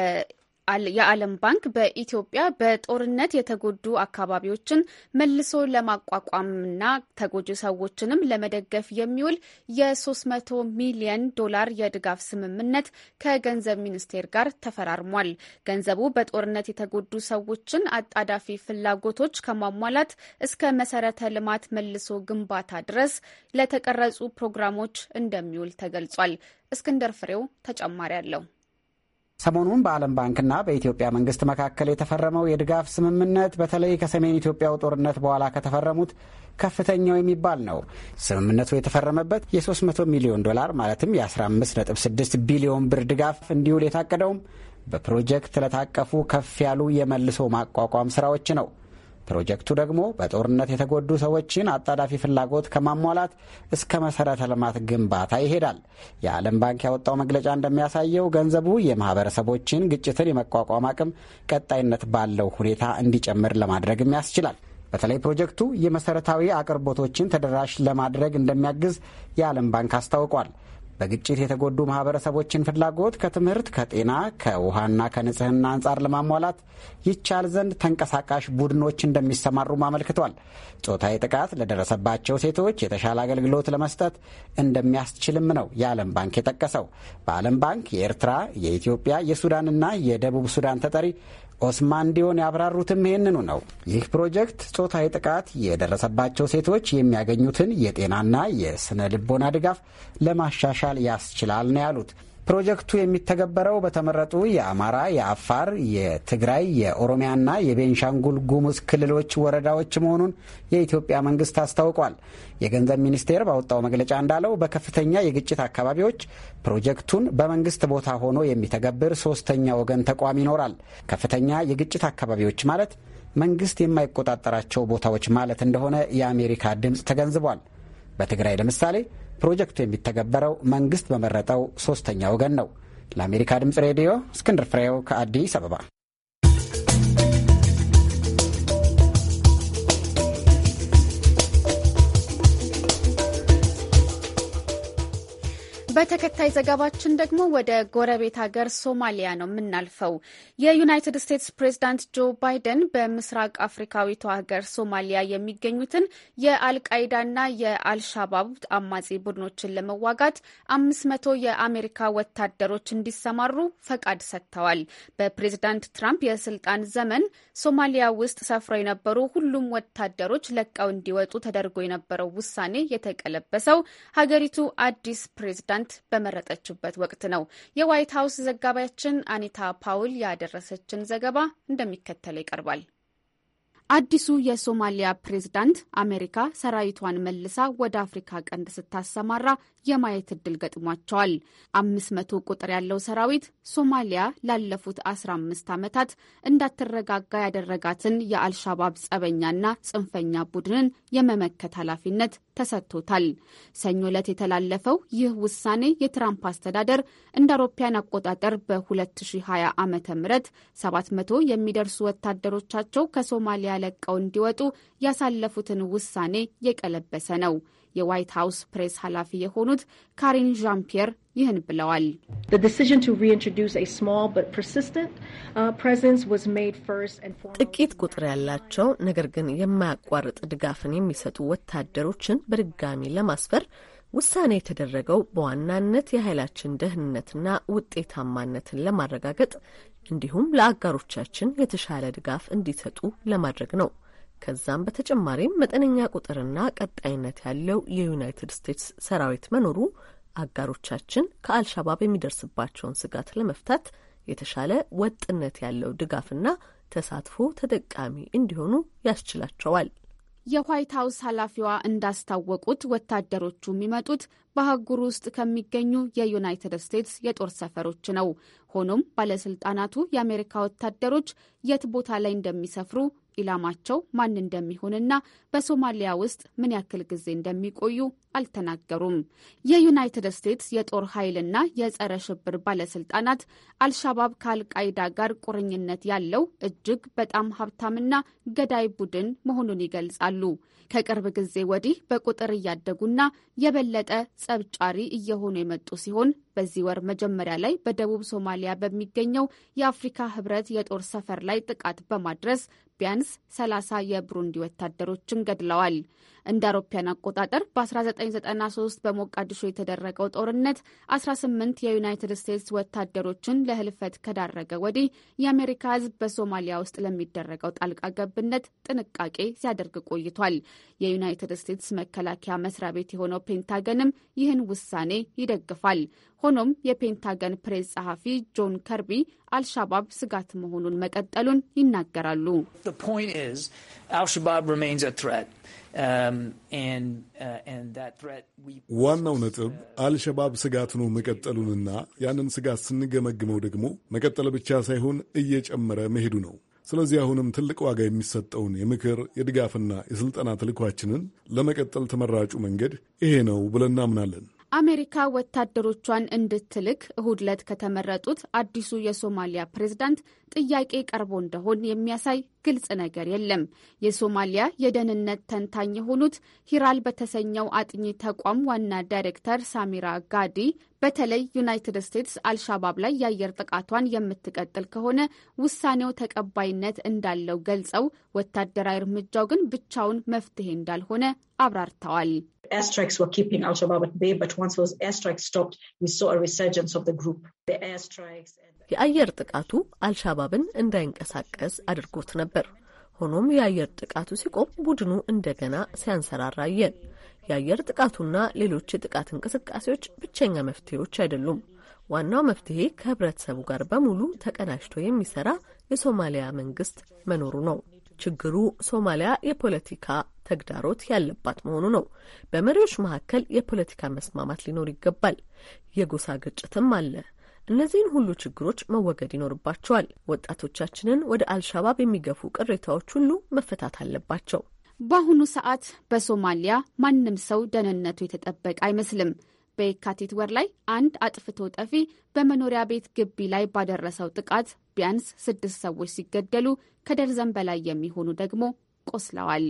የዓለም ባንክ በኢትዮጵያ በጦርነት የተጎዱ አካባቢዎችን መልሶ ለማቋቋምና ተጎጂ ሰዎችንም ለመደገፍ የሚውል የ300 ሚሊየን ዶላር የድጋፍ ስምምነት ከገንዘብ ሚኒስቴር ጋር ተፈራርሟል። ገንዘቡ በጦርነት የተጎዱ ሰዎችን አጣዳፊ ፍላጎቶች ከማሟላት እስከ መሰረተ ልማት መልሶ ግንባታ ድረስ ለተቀረጹ ፕሮግራሞች እንደሚውል ተገልጿል። እስክንደር ፍሬው ተጨማሪ አለው። ሰሞኑን በዓለም ባንክና በኢትዮጵያ መንግስት መካከል የተፈረመው የድጋፍ ስምምነት በተለይ ከሰሜን ኢትዮጵያው ጦርነት በኋላ ከተፈረሙት ከፍተኛው የሚባል ነው። ስምምነቱ የተፈረመበት የ300 ሚሊዮን ዶላር ማለትም የ15.6 ቢሊዮን ብር ድጋፍ እንዲውል የታቀደውም በፕሮጀክት ለታቀፉ ከፍ ያሉ የመልሶ ማቋቋም ስራዎች ነው። ፕሮጀክቱ ደግሞ በጦርነት የተጎዱ ሰዎችን አጣዳፊ ፍላጎት ከማሟላት እስከ መሰረተ ልማት ግንባታ ይሄዳል። የዓለም ባንክ ያወጣው መግለጫ እንደሚያሳየው ገንዘቡ የማህበረሰቦችን ግጭትን የመቋቋም አቅም ቀጣይነት ባለው ሁኔታ እንዲጨምር ለማድረግም ያስችላል። በተለይ ፕሮጀክቱ የመሰረታዊ አቅርቦቶችን ተደራሽ ለማድረግ እንደሚያግዝ የዓለም ባንክ አስታውቋል። በግጭት የተጎዱ ማህበረሰቦችን ፍላጎት ከትምህርት፣ ከጤና፣ ከውሃና ከንጽህና አንጻር ለማሟላት ይቻል ዘንድ ተንቀሳቃሽ ቡድኖች እንደሚሰማሩም አመልክቷል። ጾታዊ ጥቃት ለደረሰባቸው ሴቶች የተሻለ አገልግሎት ለመስጠት እንደሚያስችልም ነው የዓለም ባንክ የጠቀሰው። በዓለም ባንክ የኤርትራ፣ የኢትዮጵያ፣ የሱዳንና የደቡብ ሱዳን ተጠሪ ኦስማን ዲዮን ያብራሩትም ይህንኑ ነው። ይህ ፕሮጀክት ጾታዊ ጥቃት የደረሰባቸው ሴቶች የሚያገኙትን የጤናና የስነ ልቦና ድጋፍ ለማሻሻል ያስችላል ነው ያሉት። ፕሮጀክቱ የሚተገበረው በተመረጡ የአማራ፣ የአፋር፣ የትግራይ፣ የኦሮሚያና የቤንሻንጉል ጉሙዝ ክልሎች ወረዳዎች መሆኑን የኢትዮጵያ መንግስት አስታውቋል። የገንዘብ ሚኒስቴር ባወጣው መግለጫ እንዳለው በከፍተኛ የግጭት አካባቢዎች ፕሮጀክቱን በመንግስት ቦታ ሆኖ የሚተገብር ሶስተኛ ወገን ተቋም ይኖራል። ከፍተኛ የግጭት አካባቢዎች ማለት መንግስት የማይቆጣጠራቸው ቦታዎች ማለት እንደሆነ የአሜሪካ ድምፅ ተገንዝቧል። በትግራይ ለምሳሌ ፕሮጀክቱ የሚተገበረው መንግስት በመረጠው ሶስተኛ ወገን ነው። ለአሜሪካ ድምፅ ሬዲዮ እስክንድር ፍሬው ከአዲስ አበባ በተከታይ ዘገባችን ደግሞ ወደ ጎረቤት ሀገር ሶማሊያ ነው የምናልፈው። የዩናይትድ ስቴትስ ፕሬዝዳንት ጆ ባይደን በምስራቅ አፍሪካዊቷ ሀገር ሶማሊያ የሚገኙትን የአልቃይዳና የአልሻባብ አማጺ ቡድኖችን ለመዋጋት አምስት መቶ የአሜሪካ ወታደሮች እንዲሰማሩ ፈቃድ ሰጥተዋል። በፕሬዝዳንት ትራምፕ የስልጣን ዘመን ሶማሊያ ውስጥ ሰፍረው የነበሩ ሁሉም ወታደሮች ለቀው እንዲወጡ ተደርጎ የነበረው ውሳኔ የተቀለበሰው ሀገሪቱ አዲስ ፕሬዚዳንት ትናንት በመረጠችበት ወቅት ነው። የዋይት ሀውስ ዘጋቢያችን አኒታ ፓውል ያደረሰችን ዘገባ እንደሚከተል ይቀርባል። አዲሱ የሶማሊያ ፕሬዝዳንት አሜሪካ ሰራዊቷን መልሳ ወደ አፍሪካ ቀንድ ስታሰማራ የማየት እድል ገጥሟቸዋል። አምስት መቶ ቁጥር ያለው ሰራዊት ሶማሊያ ላለፉት አስራ አምስት ዓመታት እንዳትረጋጋ ያደረጋትን የአልሻባብ ጸበኛና ጽንፈኛ ቡድንን የመመከት ኃላፊነት ተሰጥቶታል። ሰኞ ዕለት የተላለፈው ይህ ውሳኔ የትራምፕ አስተዳደር እንደ አውሮፓያን አቆጣጠር በ2020 ዓ ም 700 የሚደርሱ ወታደሮቻቸው ከሶማሊያ ለቀው እንዲወጡ ያሳለፉትን ውሳኔ የቀለበሰ ነው። የዋይት ሀውስ ፕሬስ ኃላፊ የሆኑት ካሪን ዣምፒየር ይህን ብለዋል። uh, ጥቂት ቁጥር ያላቸው ነገር ግን የማያቋርጥ ድጋፍን የሚሰጡ ወታደሮችን በድጋሚ ለማስፈር ውሳኔ የተደረገው በዋናነት የኃይላችን ደህንነትና ውጤታማነትን ለማረጋገጥ እንዲሁም ለአጋሮቻችን የተሻለ ድጋፍ እንዲሰጡ ለማድረግ ነው። ከዛም በተጨማሪም መጠነኛ ቁጥርና ቀጣይነት ያለው የዩናይትድ ስቴትስ ሰራዊት መኖሩ አጋሮቻችን ከአልሻባብ የሚደርስባቸውን ስጋት ለመፍታት የተሻለ ወጥነት ያለው ድጋፍና ተሳትፎ ተጠቃሚ እንዲሆኑ ያስችላቸዋል። የዋይት ሀውስ ኃላፊዋ እንዳስታወቁት ወታደሮቹ የሚመጡት በሀጉር ውስጥ ከሚገኙ የዩናይትድ ስቴትስ የጦር ሰፈሮች ነው። ሆኖም ባለስልጣናቱ የአሜሪካ ወታደሮች የት ቦታ ላይ እንደሚሰፍሩ ኢላማቸው ማን እንደሚሆንና በሶማሊያ ውስጥ ምን ያክል ጊዜ እንደሚቆዩ አልተናገሩም። የዩናይትድ ስቴትስ የጦር ኃይልና የጸረ ሽብር ባለስልጣናት አልሻባብ ከአልቃይዳ ጋር ቁርኝነት ያለው እጅግ በጣም ሀብታምና ገዳይ ቡድን መሆኑን ይገልጻሉ። ከቅርብ ጊዜ ወዲህ በቁጥር እያደጉና የበለጠ ጸብጫሪ እየሆኑ የመጡ ሲሆን በዚህ ወር መጀመሪያ ላይ በደቡብ ሶማሊያ በሚገኘው የአፍሪካ ህብረት የጦር ሰፈር ላይ ጥቃት በማድረስ ቢያንስ 30 የብሩንዲ ወታደሮችን ገድለዋል። እንደ አውሮፓውያን አቆጣጠር በ1993 በሞቃዲሾ የተደረገው ጦርነት 18 የዩናይትድ ስቴትስ ወታደሮችን ለህልፈት ከዳረገ ወዲህ የአሜሪካ ህዝብ በሶማሊያ ውስጥ ለሚደረገው ጣልቃ ገብነት ጥንቃቄ ሲያደርግ ቆይቷል። የዩናይትድ ስቴትስ መከላከያ መስሪያ ቤት የሆነው ፔንታገንም ይህን ውሳኔ ይደግፋል። ሆኖም የፔንታገን ፕሬስ ጸሐፊ ጆን ከርቢ አልሻባብ ስጋት መሆኑን መቀጠሉን ይናገራሉ። um, uh, ዋናው ነጥብ አልሸባብ ስጋት ነው መቀጠሉንና ያንን ስጋት ስንገመግመው ደግሞ መቀጠል ብቻ ሳይሆን እየጨመረ መሄዱ ነው። ስለዚህ አሁንም ትልቅ ዋጋ የሚሰጠውን የምክር የድጋፍና የሥልጠና ትልኳችንን ለመቀጠል ተመራጩ መንገድ ይሄ ነው ብለን እናምናለን። አሜሪካ ወታደሮቿን እንድትልክ እሁድ ዕለት ከተመረጡት አዲሱ የሶማሊያ ፕሬዝዳንት ጥያቄ ቀርቦ እንደሆን የሚያሳይ ግልጽ ነገር የለም። የሶማሊያ የደህንነት ተንታኝ የሆኑት ሂራል በተሰኘው አጥኚ ተቋም ዋና ዳይሬክተር ሳሚራ ጋዲ በተለይ ዩናይትድ ስቴትስ አልሻባብ ላይ የአየር ጥቃቷን የምትቀጥል ከሆነ ውሳኔው ተቀባይነት እንዳለው ገልጸው ወታደራዊ እርምጃው ግን ብቻውን መፍትሄ እንዳልሆነ አብራርተዋል። airstrikes were keeping Al Shabaab at bay, but once those airstrikes stopped, we saw a resurgence of the group. The airstrikes. የአየር ጥቃቱ አልሻባብን እንዳይንቀሳቀስ አድርጎት ነበር። ሆኖም የአየር ጥቃቱ ሲቆም ቡድኑ እንደገና ሲያንሰራራየን። የአየር ጥቃቱና ሌሎች የጥቃት እንቅስቃሴዎች ብቸኛ መፍትሄዎች አይደሉም። ዋናው መፍትሄ ከህብረተሰቡ ጋር በሙሉ ተቀናጅቶ የሚሰራ የሶማሊያ መንግስት መኖሩ ነው። ችግሩ ሶማሊያ የፖለቲካ ተግዳሮት ያለባት መሆኑ ነው። በመሪዎች መካከል የፖለቲካ መስማማት ሊኖር ይገባል። የጎሳ ግጭትም አለ። እነዚህን ሁሉ ችግሮች መወገድ ይኖርባቸዋል። ወጣቶቻችንን ወደ አልሻባብ የሚገፉ ቅሬታዎች ሁሉ መፈታት አለባቸው። በአሁኑ ሰዓት በሶማሊያ ማንም ሰው ደህንነቱ የተጠበቀ አይመስልም። በየካቲት ወር ላይ አንድ አጥፍቶ ጠፊ በመኖሪያ ቤት ግቢ ላይ ባደረሰው ጥቃት ቢያንስ ስድስት ሰዎች ሲገደሉ ከደርዘን በላይ የሚሆኑ ደግሞ ቆስለዋል።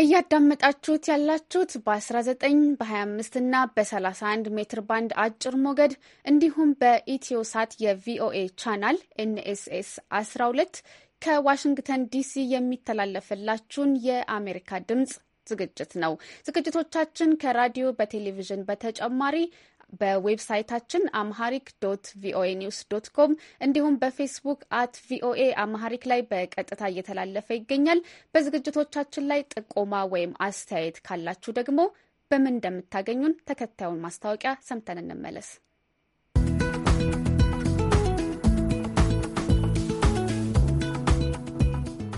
እያዳመጣችሁት ያላችሁት በ19 በ25 እና በ31 ሜትር ባንድ አጭር ሞገድ እንዲሁም በኢትዮሳት የቪኦኤ ቻናል ኤንኤስኤስ 12 ከዋሽንግተን ዲሲ የሚተላለፍላችሁን የአሜሪካ ድምጽ ዝግጅት ነው። ዝግጅቶቻችን ከራዲዮ በቴሌቪዥን በተጨማሪ በዌብሳይታችን አምሃሪክ ዶት ቪኦኤ ኒውስ ዶት ኮም እንዲሁም በፌስቡክ አት ቪኦኤ አምሃሪክ ላይ በቀጥታ እየተላለፈ ይገኛል። በዝግጅቶቻችን ላይ ጥቆማ ወይም አስተያየት ካላችሁ ደግሞ በምን እንደምታገኙን ተከታዩን ማስታወቂያ ሰምተን እንመለስ።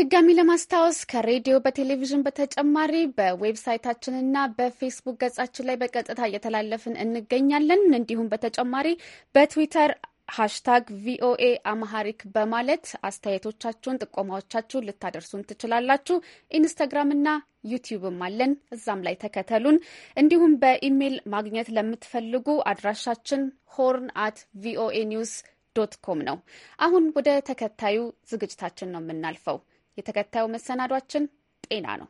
በድጋሚ ለማስታወስ ከሬዲዮ በቴሌቪዥን በተጨማሪ በዌብሳይታችንና በፌስቡክ ገጻችን ላይ በቀጥታ እየተላለፍን እንገኛለን። እንዲሁም በተጨማሪ በትዊተር ሃሽታግ ቪኦኤ አማሃሪክ በማለት አስተያየቶቻችሁን፣ ጥቆማዎቻችሁን ልታደርሱን ትችላላችሁ። ኢንስታግራምና ዩቲዩብም አለን። እዛም ላይ ተከተሉን። እንዲሁም በኢሜይል ማግኘት ለምትፈልጉ አድራሻችን ሆርን አት ቪኦኤ ኒውስ ዶት ኮም ነው። አሁን ወደ ተከታዩ ዝግጅታችን ነው የምናልፈው። የተከታዩ መሰናዷችን ጤና ነው።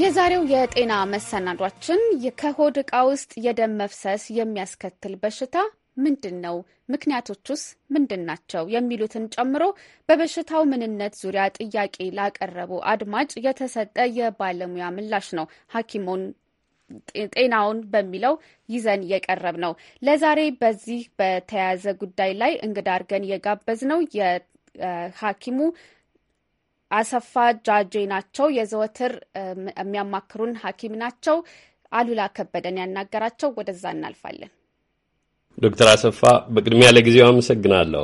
የዛሬው የጤና መሰናዷችን ከሆድ ዕቃ ውስጥ የደም መፍሰስ የሚያስከትል በሽታ ምንድን ነው? ምክንያቶቹስ ምንድን ናቸው? የሚሉትን ጨምሮ በበሽታው ምንነት ዙሪያ ጥያቄ ላቀረቡ አድማጭ የተሰጠ የባለሙያ ምላሽ ነው ሐኪሙን ጤናውን በሚለው ይዘን የቀረብ ነው። ለዛሬ በዚህ በተያያዘ ጉዳይ ላይ እንግዳ አርገን የጋበዝ ነው የሐኪሙ አሰፋ ጃጄ ናቸው። የዘወትር የሚያማክሩን ሐኪም ናቸው። አሉላ ከበደን ያናገራቸው ወደዛ እናልፋለን። ዶክተር አሰፋ በቅድሚያ ለጊዜው አመሰግናለሁ።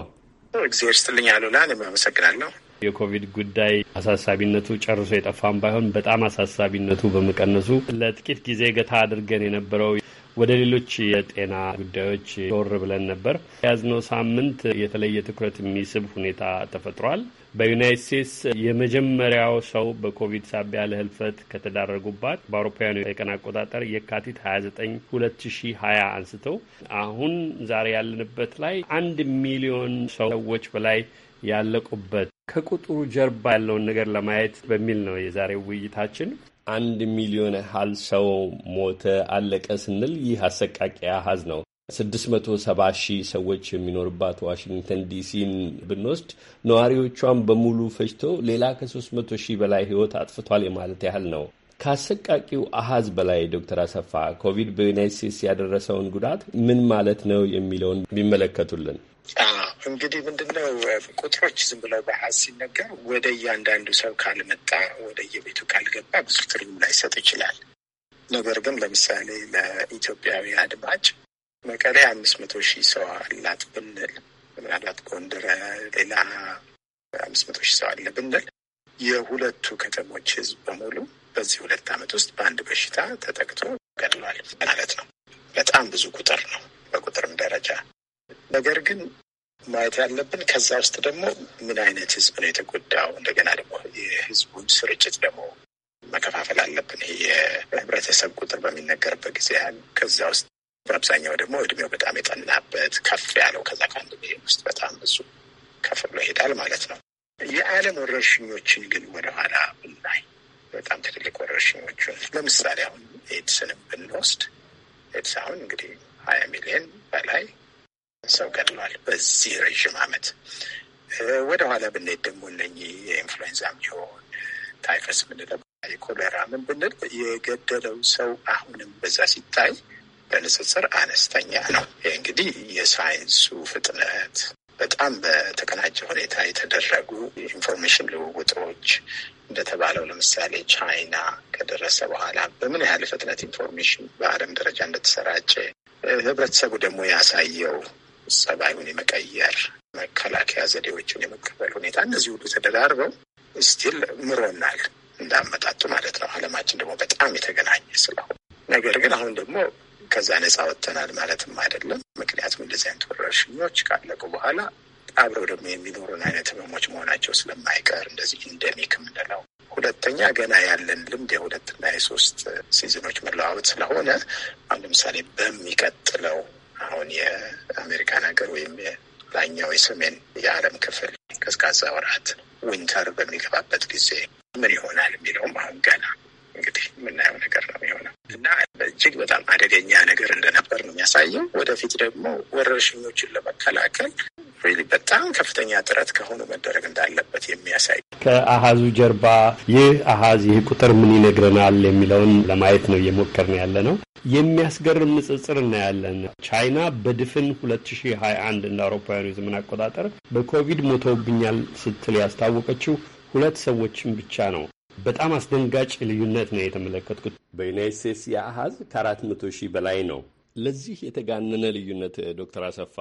እግዚአብሔር ይስጥልኝ አሉላ። እኔም አመሰግናለሁ። የኮቪድ ጉዳይ አሳሳቢነቱ ጨርሶ የጠፋም ባይሆን በጣም አሳሳቢነቱ በመቀነሱ ለጥቂት ጊዜ ገታ አድርገን የነበረው ወደ ሌሎች የጤና ጉዳዮች ዞር ብለን ነበር። የያዝነው ሳምንት የተለየ ትኩረት የሚስብ ሁኔታ ተፈጥሯል። በዩናይት ስቴትስ የመጀመሪያው ሰው በኮቪድ ሳቢያ ለህልፈት ከተዳረጉባት በአውሮፓውያኑ የቀን አቆጣጠር የካቲት 29 2020 አንስተው አሁን ዛሬ ያለንበት ላይ አንድ ሚሊዮን ሰዎች በላይ ያለቁበት ከቁጥሩ ጀርባ ያለውን ነገር ለማየት በሚል ነው የዛሬው ውይይታችን። አንድ ሚሊዮን ያህል ሰው ሞተ አለቀ ስንል ይህ አሰቃቂ አሃዝ ነው። 670 ሺህ ሰዎች የሚኖርባት ዋሽንግተን ዲሲን ብንወስድ ነዋሪዎቿን በሙሉ ፈጅቶ ሌላ ከ300 ሺህ በላይ ህይወት አጥፍቷል የማለት ያህል ነው። ከአሰቃቂው አሃዝ በላይ ዶክተር አሰፋ ኮቪድ በዩናይት ስቴትስ ያደረሰውን ጉዳት ምን ማለት ነው የሚለውን ቢመለከቱልን። እንግዲህ ምንድነው ቁጥሮች ዝም ብለው በሀዝ ሲነገር ወደ እያንዳንዱ ሰው ካልመጣ ወደ የቤቱ ካልገባ ብዙ ትርጉም ላይሰጥ ይችላል። ነገር ግን ለምሳሌ ለኢትዮጵያዊ አድማጭ መቀሌ አምስት መቶ ሺህ ሰው አላት ብንል፣ ምናልባት ጎንደር ሌላ አምስት መቶ ሺህ ሰው አለ ብንል የሁለቱ ከተሞች ህዝብ በሙሉ በዚህ ሁለት ዓመት ውስጥ በአንድ በሽታ ተጠቅቶ ገድሏል ማለት ነው። በጣም ብዙ ቁጥር ነው በቁጥርም ደረጃ ነገር ግን ማየት ያለብን ከዛ ውስጥ ደግሞ ምን አይነት ህዝብ ነው የተጎዳው፣ እንደገና ደግሞ የህዝቡን ስርጭት ደግሞ መከፋፈል አለብን። የህብረተሰብ ቁጥር በሚነገርበት ጊዜ ከዛ ውስጥ በአብዛኛው ደግሞ እድሜው በጣም የጠናበት ከፍ ያለው ከዛ ከአንድ ሚሊዮን ውስጥ በጣም ብዙ ከፍ ብሎ ይሄዳል ማለት ነው። የዓለም ወረርሽኞችን ግን ወደኋላ ብናይ በጣም ትልልቅ ወረርሽኞችን ለምሳሌ አሁን ኤድስንም ብንወስድ ኤድስ አሁን እንግዲህ ሀያ ሚሊዮን በላይ ሰው ገድሏል። በዚህ ረዥም ዓመት ወደ ኋላ ብንሄድ ደግሞ እነኚህ የኢንፍሉዌንዛ ቢሆን ታይፈስ ምንለው የኮሌራ ምን ብንል የገደለው ሰው አሁንም በዛ ሲታይ በንጽጽር አነስተኛ ነው። ይህ እንግዲህ የሳይንሱ ፍጥነት በጣም በተቀናጀ ሁኔታ የተደረጉ ኢንፎርሜሽን ልውውጦች እንደተባለው ለምሳሌ ቻይና ከደረሰ በኋላ በምን ያህል ፍጥነት ኢንፎርሜሽን በዓለም ደረጃ እንደተሰራጨ ህብረተሰቡ ደግሞ ያሳየው ጸባዩን የመቀየር መከላከያ ዘዴዎችን የመቀበል ሁኔታ እነዚህ ሁሉ ተደራርበው ስቲል ምሮናል እንዳመጣጡ ማለት ነው። አለማችን ደግሞ በጣም የተገናኘ ስለሆነ ነገር ግን አሁን ደግሞ ከዛ ነፃ ወጥተናል ማለትም አይደለም። ምክንያቱም እንደዚህ አይነት ወረርሽኞች ካለቁ በኋላ አብረው ደግሞ የሚኖሩን አይነት ህመሞች መሆናቸው ስለማይቀር እንደዚህ ኢንደሚክ የምንለው ሁለተኛ ገና ያለን ልምድ የሁለትና የሶስት ሲዝኖች መለዋወጥ ስለሆነ አሁን ለምሳሌ በሚቀጥለው አሁን የአሜሪካን ሀገር ወይም ላኛው የሰሜን የዓለም ክፍል ቀዝቃዛ ወራት ዊንተር በሚገባበት ጊዜ ምን ይሆናል የሚለውም አሁን ገና እንግዲህ የምናየው ነገር ነው የሚሆነው እና እጅግ በጣም አደገኛ ነገር እንደነበር ነው የሚያሳየው። ወደፊት ደግሞ ወረርሽኞችን ለመከላከል በጣም ከፍተኛ ጥረት ከሆኑ መደረግ እንዳለበት የሚያሳይ ከአሃዙ ጀርባ ይህ አሃዝ ይህ ቁጥር ምን ይነግረናል የሚለውን ለማየት ነው እየሞከርን ያለ ነው። የሚያስገርም ንጽጽር እናያለን። ቻይና በድፍን 2021 እንደ አውሮፓውያኑ የዘመን አቆጣጠር በኮቪድ ሞተውብኛል ስትል ያስታወቀችው ሁለት ሰዎችን ብቻ ነው። በጣም አስደንጋጭ ልዩነት ነው የተመለከትኩት። በዩናይት ስቴትስ የአሃዝ ከአራት መቶ ሺህ በላይ ነው። ለዚህ የተጋነነ ልዩነት ዶክተር አሰፋ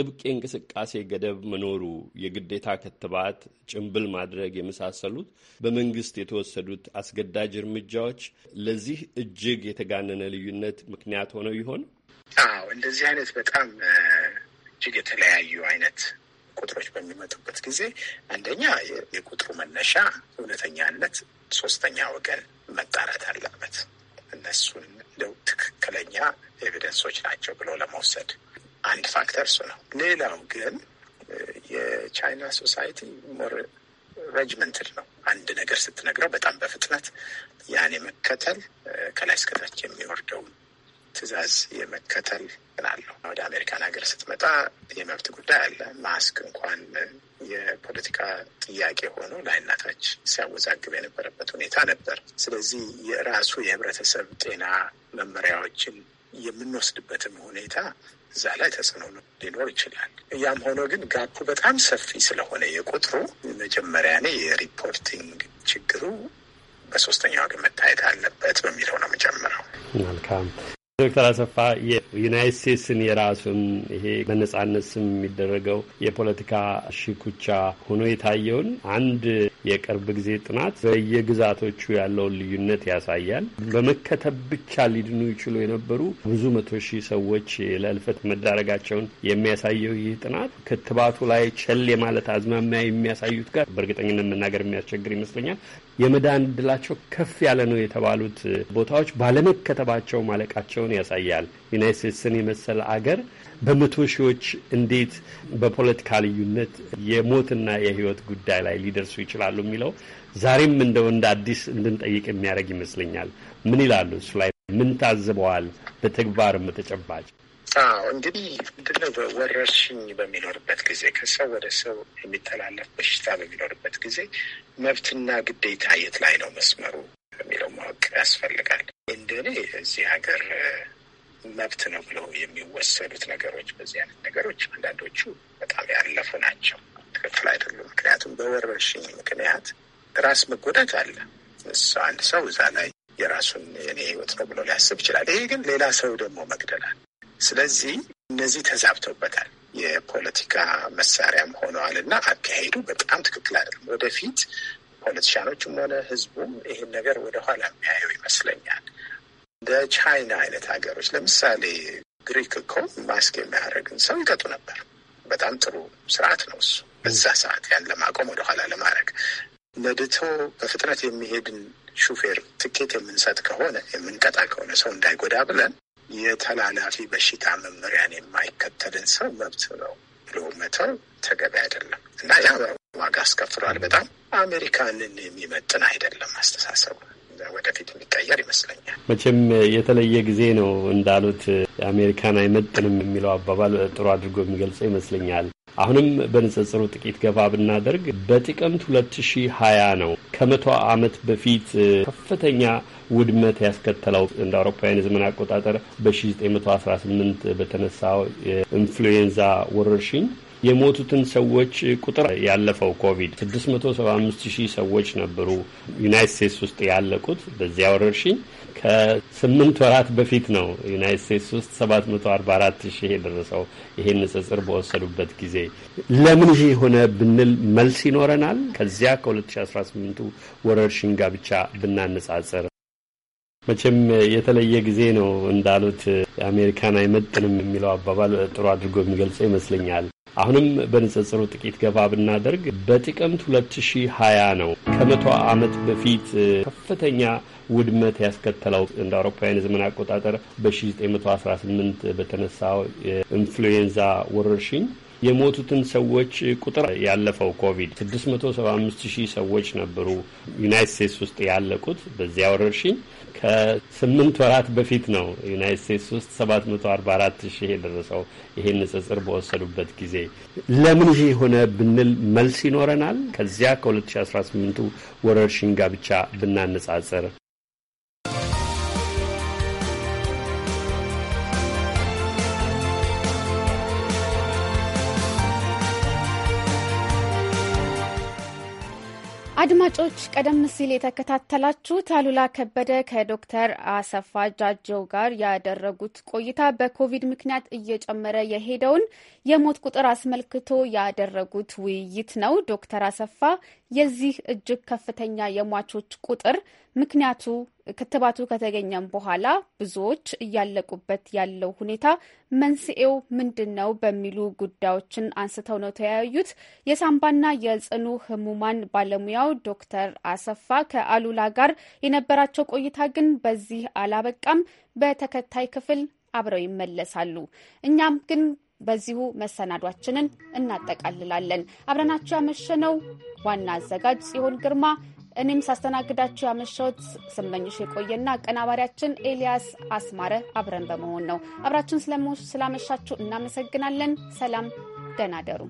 ጥብቅ የእንቅስቃሴ ገደብ መኖሩ፣ የግዴታ ክትባት፣ ጭንብል ማድረግ የመሳሰሉት በመንግስት የተወሰዱት አስገዳጅ እርምጃዎች ለዚህ እጅግ የተጋነነ ልዩነት ምክንያት ሆነው ይሆን? አዎ፣ እንደዚህ አይነት በጣም እጅግ የተለያዩ አይነት ቁጥሮች በሚመጡበት ጊዜ አንደኛ የቁጥሩ መነሻ እውነተኛነት ሶስተኛ ወገን መጣራት አለበት። እነሱን ትክክለኛ ኤቪደንሶች ናቸው ብሎ ለመውሰድ አንድ ፋክተር እሱ ነው። ሌላው ግን የቻይና ሶሳይቲ ሞር ረጅመንትል ነው። አንድ ነገር ስትነግረው በጣም በፍጥነት ያን የመከተል ከላይ እስከታች የሚወርደውን ትዕዛዝ የመከተል ናለው። ወደ አሜሪካን ሀገር ስትመጣ የመብት ጉዳይ አለ። ማስክ እንኳን የፖለቲካ ጥያቄ ሆኖ ላይናታች ሲያወዛግብ የነበረበት ሁኔታ ነበር። ስለዚህ የራሱ የህብረተሰብ ጤና መመሪያዎችን የምንወስድበትም ሁኔታ እዛ ላይ ተጽዕኖ ሊኖር ይችላል። ያም ሆኖ ግን ጋፑ በጣም ሰፊ ስለሆነ የቁጥሩ መጀመሪያ እኔ የሪፖርቲንግ ችግሩ በሶስተኛ ወገን መታየት አለበት በሚለው ነው የምጀምረው። መልካም ዶክተር አሰፋ የዩናይት ስቴትስን የራሱን ይሄ በነጻነት ስም የሚደረገው የፖለቲካ ሽኩቻ ሆኖ የታየውን አንድ የቅርብ ጊዜ ጥናት በየግዛቶቹ ያለውን ልዩነት ያሳያል። በመከተብ ብቻ ሊድኑ ይችሉ የነበሩ ብዙ መቶ ሺህ ሰዎች ለእልፈት መዳረጋቸውን የሚያሳየው ይህ ጥናት ክትባቱ ላይ ቸል የማለት አዝማሚያ የሚያሳዩት ጋር በእርግጠኝነት መናገር የሚያስቸግር ይመስለኛል። የመዳን እድላቸው ከፍ ያለ ነው የተባሉት ቦታዎች ባለመከተባቸው ማለቃቸውን ያሳያል። ዩናይት ስቴትስን የመሰለ አገር በመቶ ሺዎች እንዴት በፖለቲካ ልዩነት የሞትና የህይወት ጉዳይ ላይ ሊደርሱ ይችላሉ የሚለው ዛሬም እንደው እንደ አዲስ እንድንጠይቅ የሚያደርግ ይመስለኛል። ምን ይላሉ? እሱ ላይ ምን ታዝበዋል? በተግባርም በተጨባጭ እንግዲህ ምንድነው በወረርሽኝ በሚኖርበት ጊዜ ከሰው ወደ ሰው የሚተላለፍ በሽታ በሚኖርበት ጊዜ መብትና ግዴታ የት ላይ ነው መስመሩ የሚለው ማወቅ ያስፈልጋል። እንደኔ እዚህ ሀገር መብት ነው ብለው የሚወሰዱት ነገሮች በዚህ አይነት ነገሮች አንዳንዶቹ በጣም ያለፉ ናቸው፣ ትክክል አይደሉም። ምክንያቱም በወረርሽኝ ምክንያት ራስ መጎዳት አለ። አንድ ሰው እዛ ላይ የራሱን የኔ ህይወት ነው ብሎ ሊያስብ ይችላል። ይሄ ግን ሌላ ሰው ደግሞ መግደላል ስለዚህ እነዚህ ተዛብተውበታል የፖለቲካ መሳሪያም ሆነዋል እና አካሄዱ በጣም ትክክል አይደለም። ወደፊት ፖለቲሻኖችም ሆነ ህዝቡም ይህን ነገር ወደኋላ የሚያየው ይመስለኛል። እንደ ቻይና አይነት ሀገሮች ለምሳሌ ግሪክ እኮ ማስክ የሚያደርግን ሰው ይቀጡ ነበር። በጣም ጥሩ ስርዓት ነው እሱ። በዛ ሰዓት ያን ለማቆም ወደኋላ ለማድረግ ነድቶ በፍጥነት የሚሄድን ሹፌር ትኬት የምንሰጥ ከሆነ የምንቀጣ ከሆነ ሰው እንዳይጎዳ ብለን የተላላፊ በሽታ መመሪያን የማይከተልን ሰው መብት ነው ብሎ መተው ተገቢ አይደለም እና ያ ዋጋ አስከፍሏል። በጣም አሜሪካንን የሚመጥን አይደለም አስተሳሰቡ። ወደፊት የሚቀየር ይመስለኛል። መቼም የተለየ ጊዜ ነው እንዳሉት አሜሪካን አይመጥንም የሚለው አባባል ጥሩ አድርጎ የሚገልጸው ይመስለኛል። አሁንም በንጽጽሩ ጥቂት ገባ ብናደርግ በጥቅምት ሁለት ሀያ ነው ከመቶ ዓመት በፊት ከፍተኛ ውድመት ያስከተለው እንደ አውሮፓውያን የዘመን አቆጣጠር በ1918 በተነሳው የኢንፍሉዌንዛ ወረርሽኝ የሞቱትን ሰዎች ቁጥር ያለፈው ኮቪድ 675 ሺህ ሰዎች ነበሩ ዩናይት ስቴትስ ውስጥ ያለቁት በዚያ ወረርሽኝ። ከስምንት ወራት በፊት ነው ዩናይት ስቴትስ ውስጥ 744 ሺህ የደረሰው። ይሄን ንጽጽር በወሰዱበት ጊዜ ለምን ይሄ የሆነ ብንል መልስ ይኖረናል። ከዚያ ከ2018 ወረርሽኝ ጋር ብቻ ብናነጻጽር መቼም የተለየ ጊዜ ነው እንዳሉት የአሜሪካን አይመጥንም የሚለው አባባል ጥሩ አድርጎ የሚገልጸው ይመስለኛል። አሁንም በንጽጽሩ ጥቂት ገባ ብናደርግ በጥቅምት 2020 ነው ከመቶ ዓመት በፊት ከፍተኛ ውድመት ያስከተለው እንደ አውሮፓውያን የዘመን አቆጣጠር በ1918 በተነሳው የኢንፍሉዌንዛ ወረርሽኝ የሞቱትን ሰዎች ቁጥር ያለፈው ኮቪድ 675ሺህ ሰዎች ነበሩ ዩናይት ስቴትስ ውስጥ ያለቁት በዚያ ወረርሽኝ። ከስምንት ወራት በፊት ነው ዩናይት ስቴትስ ውስጥ 744ሺህ የደረሰው። ይሄን ንጽጽር በወሰዱበት ጊዜ ለምን ይሄ የሆነ ብንል መልስ ይኖረናል። ከዚያ ከ2018ቱ ወረርሽኝ ጋር ብቻ ብናነጻጽር አድማጮች ቀደም ሲል የተከታተላችሁት አሉላ ከበደ ከዶክተር አሰፋ ጃጀው ጋር ያደረጉት ቆይታ በኮቪድ ምክንያት እየጨመረ የሄደውን የሞት ቁጥር አስመልክቶ ያደረጉት ውይይት ነው። ዶክተር አሰፋ የዚህ እጅግ ከፍተኛ የሟቾች ቁጥር ምክንያቱ ክትባቱ ከተገኘም በኋላ ብዙዎች እያለቁበት ያለው ሁኔታ መንስኤው ምንድን ነው በሚሉ ጉዳዮችን አንስተው ነው ተያዩት። የሳምባና የጽኑ ህሙማን ባለሙያው ዶክተር አሰፋ ከአሉላ ጋር የነበራቸው ቆይታ ግን በዚህ አላበቃም። በተከታይ ክፍል አብረው ይመለሳሉ። እኛም ግን በዚሁ መሰናዷችንን እናጠቃልላለን። አብረናችሁ ያመሸነው ዋና አዘጋጅ ጽዮን ግርማ፣ እኔም ሳስተናግዳችሁ ያመሸሁት ስመኝሽ የቆየና ቀናባሪያችን ኤልያስ አስማረ አብረን በመሆን ነው። አብራችን ስላመሻችሁ እናመሰግናለን። ሰላም፣ ደህና ደሩ።